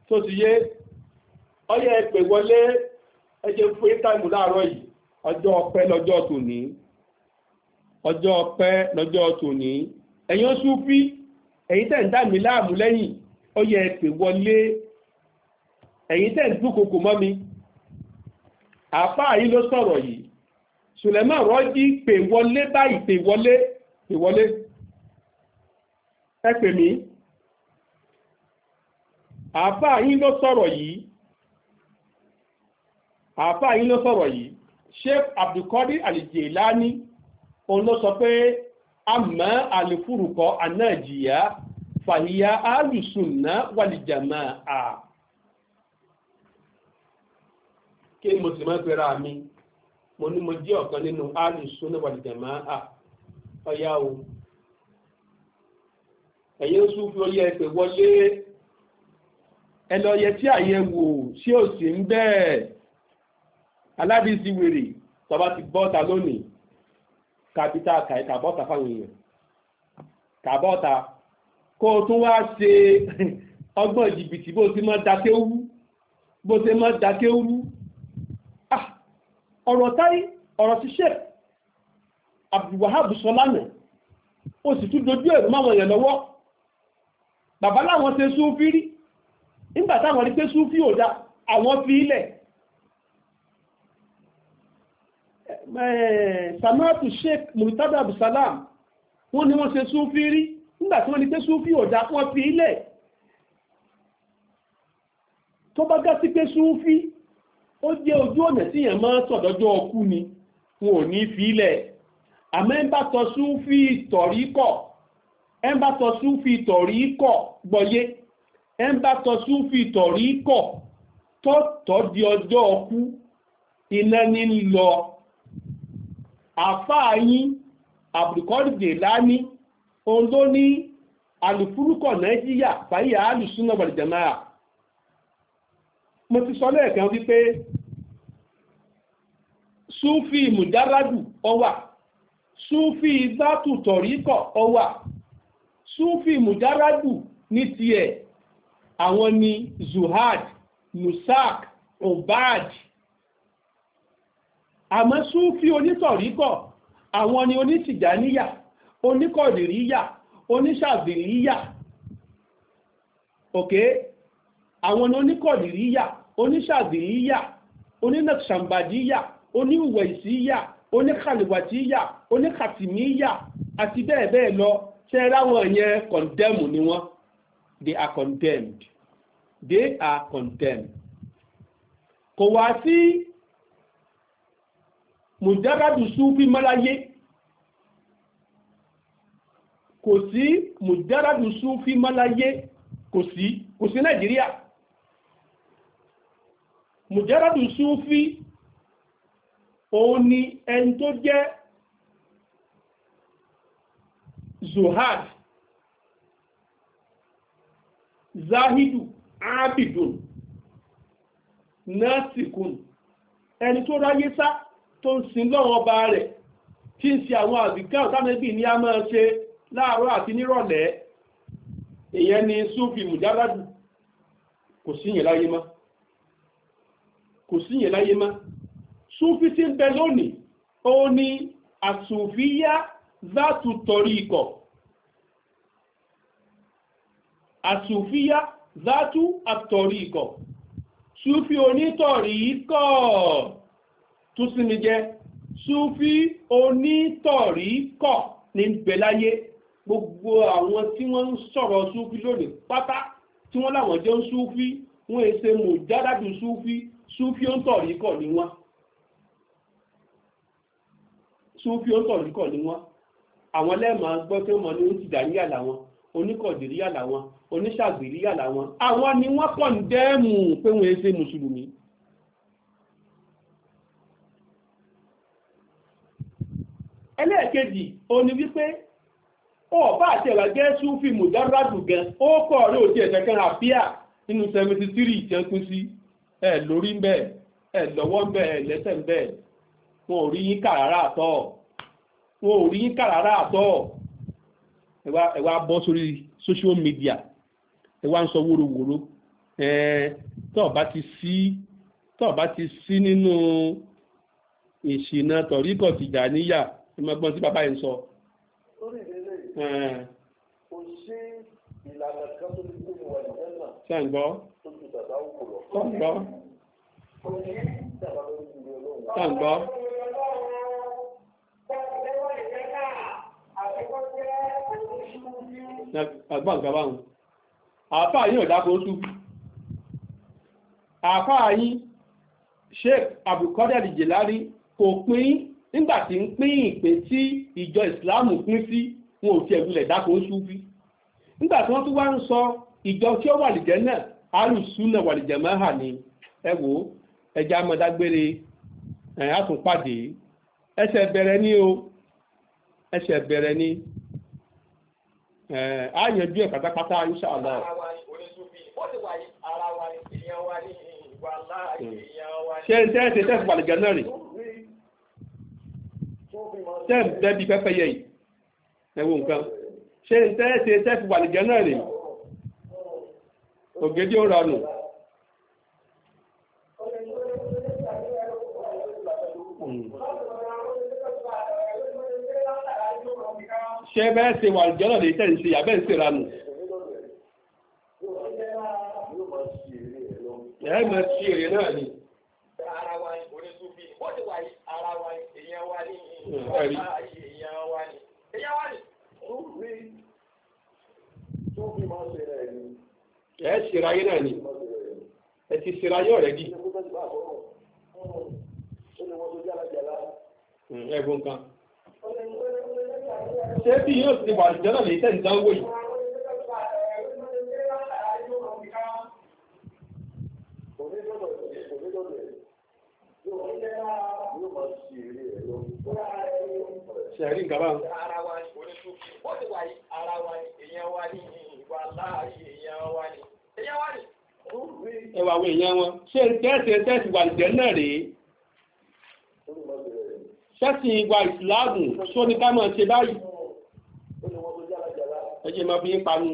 tó ti yé ọyẹ ẹgbẹ́ wọlé ẹjẹ fún ítàìmù láàárọ̀ yìí ọjọ́ ọpẹ́ lọ́jọ́ tòní ọjọ́ ọpẹ́ lọ́jọ́ tòní ẹ̀yin oṣù fi ẹ̀yin tẹ̀ ń dà mí láàmú lẹ́yìn ọyẹ ẹgbẹ́ wọlé ẹ̀yin tẹ̀ ń dúnkokò mọ́ mi àáfàá yìí ló sọ̀rọ̀ yìí Sùlẹ̀mọ̀ rọ́jí pè wọlé báyìí pè wọlé pè wọlé ẹ pè mí àáfà yín ló sọ̀rọ̀ yìí àáfà yín ló sọ̀rọ̀ yìí Sheikh Abdulkadir Al-Jilani òun ló sọ pé àmọ́ àlùfùrùkọ anáàjìyà fàhíyà alùsùnà wàlìjàmà à kí mo sì máa pera mi mo ní mo jẹ́ ọ̀kan nínú áàlù sunnah wal jamā'ah ọ̀yá o ẹ̀yẹ́ ń sún fún ọyẹ ẹ̀pẹ̀ wọlé ẹ lọ yẹ tí àyẹ̀wò tí ò sí ń bẹ́ẹ̀ alábìsí wèrè tọba ti bọ́ta lónìí kàbítà kàbọ́ta fáwọn èèyàn kàbọ́ta kó o tún wá ṣe ọgbọ́n jìbìtì bó o ti mọ́ dákéwú bó o ti mọ́ dákéwú ọ̀rọ̀ táyì ọ̀rọ̀ sí sheikh abdulwahab sọlánà ó sì tún dojú ẹ̀rọ máwọn èèyàn lọ́wọ́ bàbá láwọn ṣe súnfí rí nígbà táwọn rí pé súnfí ò da àwọn fi ilẹ̀ samatu sheikh murtada abdulsalam wọ́n ní wọ́n ṣe súnfí rí nígbà tí wọ́n rí pé súnfí ò fi ilẹ̀ tó bá gá sí ó jẹ́ ojú ọ̀nà tí yẹn máa sọ̀dọ́jọ́ ọkú ni wọn ò ní fílẹ̀ àmọ́ ẹ̀ńbà sọ súnfì tọ̀rí kọ̀ ẹ̀ńbà sọ súnfì tọ̀rí kọ̀ gbọ́yé ẹ̀ńbà sọ súnfì tọ̀rí kọ̀ tọ́tọ́ di ọjọ́ ọkú iná ní lọ àfáà yín àbùkọ́dìdè lání òun ló ní alùfúrúkọ̀ nàìjíríà báyìí àálùsúnà wàlìjàmáà mo ti sọ lẹ́ẹ̀kan wípé súfì mùjáràdù ọwà súfì zátù tọ̀ríkọ̀ ọwà súfì mùjáràdù ní tiẹ̀ àwọn ni zuhad musak obad àmọ́ súfì onítọ̀ríkọ̀ àwọn ni onítìjáníyà oníkọ̀dìríyà oníṣàbìríyà òkè àwọn oníkọ̀dìríyà oníṣàbìríyà onínàṣàmbàdíyà oníwẹ̀síyà oníkàlùwàtíyà oníkàtìmíyà àti bẹ́ẹ̀ bẹ́ẹ̀ lọ ṣẹ́ra wọn yẹn condemn ni wọ́n they are condemned they are condemned kò wá sí mùjáradù súfì máláyé kò sí mùjáradù súfì máláyé kò sí kò sí nàìjíríà mùjáradù súfì òun ni ẹni tó jẹ́ zahidu abidun nasikun ẹni tó ráyé sá tó ń sin lọ́wọ́ ọba rẹ̀ tí ń ṣe àwọn àbíká ọ̀tánẹ́bì ní a máa ṣe láàárọ̀ àti nírọ̀lẹ́ ni súnfì mùjáládù kò síyìn láyé mọ́ súfí tí ń bẹ lónìí ó ní àsùfíyá zátù tọrí ikọ̀ àsùfíyá zátù àtọrí ikọ̀ súfí onítọ̀rí ikọ̀ tún sí mi jẹ́ súfí onítọ̀rí kọ̀ ní gbẹ̀láyé gbogbo àwọn tí wọ́n ń sọ̀rọ̀ súfí lónìí pátá tí wọ́n láwọn jẹ́ ń súfí wọ́n èsè mú jádàdù súfí súfí ó ń tọ̀rí kọ̀ ní wọn súnfí ó tọ̀ níkọ̀ ni wọ́n àwọn lẹ́ẹ̀mọ́ gbọ́ tí wọ́n ní oníṣìdáníyà làwọn oníkọ̀dìríyà làwọn oníṣàgbèríyà làwọn àwọn ni wọ́n pọ̀ ń dẹ́ẹ̀mù pé wọ́n ṣe mùsùlùmí. ẹlẹ́ẹ̀kejì ó ní wípé ọba àti ẹ̀wà jẹ́ súnfí mùdárádù gan ó kọ̀ ọ̀rẹ́ òjì ẹ̀sẹ̀ kan àbíà nínú seventy three ìjẹun kú sí ẹ̀ lórí ń bẹ́ẹ̀ ẹ̀ lọ́wọ́ ń bẹ́ẹ̀ lẹ́sẹ̀ ń bẹ́ẹ̀ wọn ò rí yín kà rárá àtọ́ wọn ò rí yín kà rárá àtọ́ ẹ wá bọ́ sórí social media ẹ wá ń sọ wóróworó ẹ bá ti sí tọ́ọ̀ bá ti sí nínú ìṣìnà tọ̀ríkọ̀ tìjàníyà ẹ máa gbọ́n bàbá yẹn sọ. Tàǹgbọ́. Àgbọ́n nǹkan báhùn. Àfá yìí ò dákò Àfá yìí, Sheikh Abdulkader Jilari kò pín nígbà ń pín ìpè tí ìjọ ìsìláàmù pín sí wọn ò ti ẹ̀gúnlẹ̀ dákò oṣù fi. Nígbà wọ́n tún wá ń sọ ìjọ tí ó wà lìjẹ́ náà, alùsùn náà wà lìjẹ́ mẹ́hà ni. Ẹ ẹja mọ̀dágbére ẹ̀ á tún pàdé ẹsẹ̀ bẹ̀rẹ̀ ní o ẹsẹ̀ bẹ̀rẹ̀ ní ẹ̀ á yanjú ẹ̀ pátápátá insha Allah. Hmm. ṣé ń tẹ́ẹ̀sì tẹ́ẹ̀sì pàlẹ̀gẹ̀ náà rè tẹ́ẹ̀sì bẹ́ẹ̀ bí pẹ́pẹ́ yẹ yìí ẹ wo nǹkan ṣé ń tẹ́ẹ̀sì tẹ́ẹ̀sì pàlẹ̀gẹ̀ náà rè ògèdè ó rọrùn. ṣe bẹ́ẹ̀ ṣe wà jọ́nà lè tẹ́ ń ṣe yàbẹ́ ń ṣe ranù ẹ̀ẹ́mẹ̀ sí èrè náà ni ara wa ni onísúfì wọ́n ti wà ara wa ni èèyàn wa ẹ̀ẹ́ ṣe ráyé náà ni ẹ̀ ti ṣe ráyé ọ̀rẹ́dì Ẹgbùn kan. Ṣé bí yóò ti wà ìjọ́nà lè tẹ́ ìdánwò yìí? Ṣẹ̀rí nǹkan bá ń. Ara wa ni oníṣúkì, ti wà ara wa ni èèyàn wa ni ìwà láàárín èèyàn wa ni. Èèyàn wa ni. Ẹwà àwọn èèyàn wọn. Ṣé tẹ́ẹ̀sì tẹ́ẹ̀sì wà ìjẹ́ náà rèé? ṣẹ́sìn ìwà ìsìláàmù tó ní ká máa ṣe báyìí ẹjẹ́ máa fi ń panu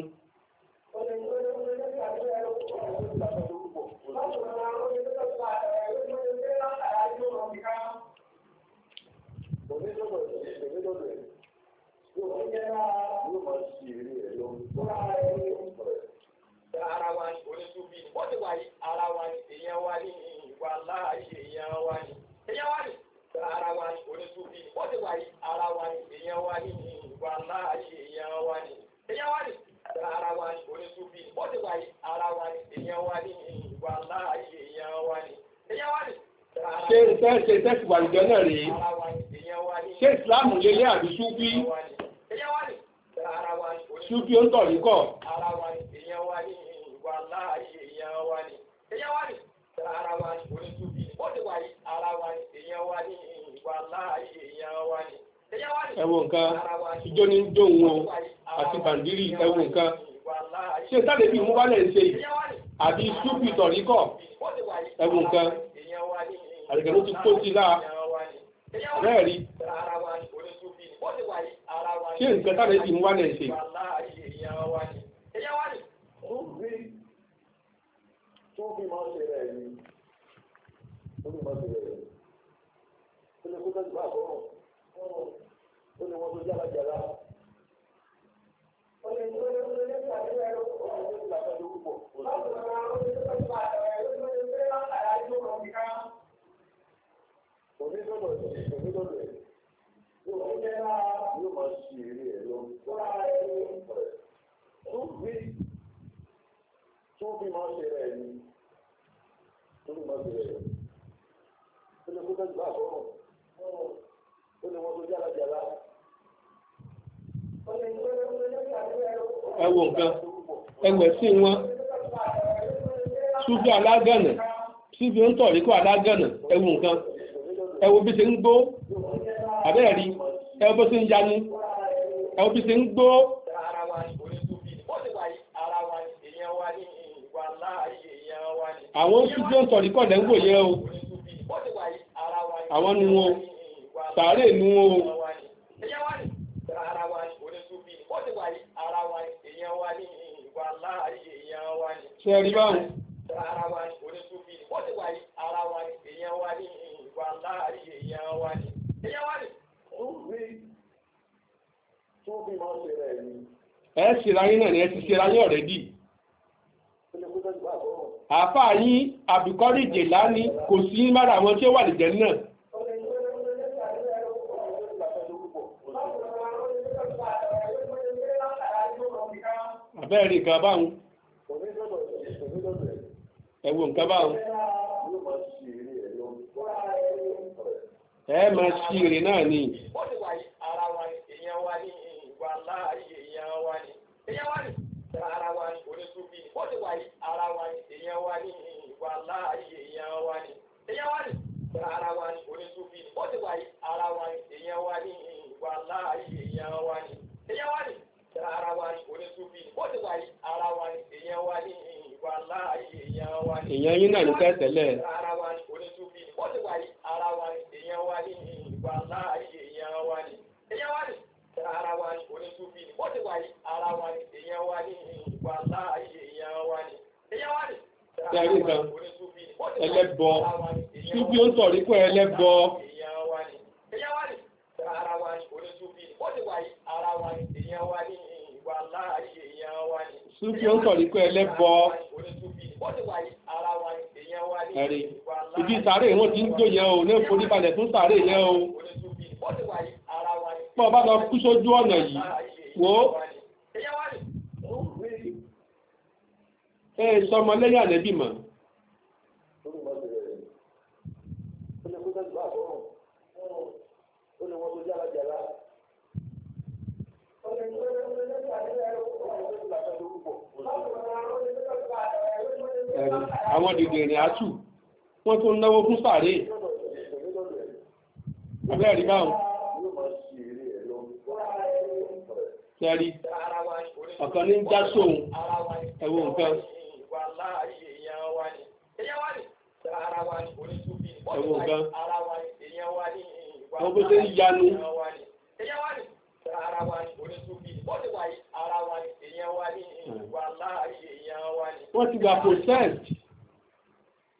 Ara wa ni, oníṣúbí, wọ́n ti wà yí, ara wa ni, èèyàn wa ni, ìwà láàyè èèyàn wa ni, èèyàn wa ni ara wa ni onísùnfì wọ́n ti wà yí ara wa ni èèyàn wa ni ìwà láàyè èèyàn wa ni èèyàn wa ni ara wa ni onísùnfì wọ́n ti wà yí ara wa ni èèyàn wa ni ìwà láàyè èèyàn wa ni èèyàn wa ni. ṣé ìfẹ́ ṣe tẹ́sí wàlùjọ náà rèé ṣé ìsìláàmù lélẹ́ àbí ṣúbí ṣúbí ó ń tọ̀ níkọ̀. ara wa ni èèyàn wa ni ìwà láàyè èèyàn wa ni èèyàn wa ni ara wa ni onísùnfì bọ́ọ̀dì wa yìí ara wa ni èèyàn wa ni ìwà láàyè èèyàn wa ni. ẹwọ nǹkan ìjọ ní dóhùn wọn àti bàǹdírì ẹwọ nǹkan ṣé sáré bíi wọn bá lè ṣe àbí súpì tọ̀ríkọ̀ ẹwọ nǹkan àrẹ̀gẹ̀ ló ti kó sí láà bẹ́ẹ̀ rí ṣé nǹkan sáré bíi wọn bá lè ṣe. tó bí máa ń ṣe rẹ̀ ni ó ní tó bẹ́ẹ̀ bá sí wọn ṣúgbọ́n alágànà ṣíbi ń tọ̀ ríkọ́ alágànà ẹ wo nǹkan bí ṣe ń gbó àbẹ́ẹ̀ rí ẹ ṣe ń yanu ẹ bí ṣe ń gbó. àwọn ṣúgbọ́n tọ̀ ríkọ́ lẹ́ńgbò yẹn o àwọn nu wọn sàárè nu wọn o. ṣe rí báwọn. ẹ ṣèrà yín náà ni ẹ ti ṣèrà yín ọ̀rẹ́dì àfáà yín àbíkọ́rí ìjèlá ni kò sí mára àwọn tí ó wà lè jẹ́ náà fẹ́ rí nǹkan báhùn ẹ̀wọ̀n nǹkan báhùn ẹ máa ṣí èrè náà ni. èèyàn yín náà ní tẹ́tẹ̀lẹ̀. Yàrá ìgbà ẹlẹ́bọ túbí ó ń sọ̀rí pé ẹlẹ́bọ. Túbí ó ń sọ̀rí pé ẹlẹ́bọ ẹ̀rí ìdí sàárè wọn ti ń jó yẹn o ní forí balẹ̀ fún sàárè yẹn o pọ̀ bá lọ kú sójú ọ̀nà yìí wò ẹ̀ sọmọ lẹ́yìn àlẹ́bí wọ́n tún náwó fún sàárè abẹ́rẹ́ rí báwọn sẹ́rí ọ̀kan ní já sóhun ẹ̀wọ̀ nǹkan ẹ̀wọ̀ nǹkan wọ́n bó ń yanu wọ́n ti gbà process.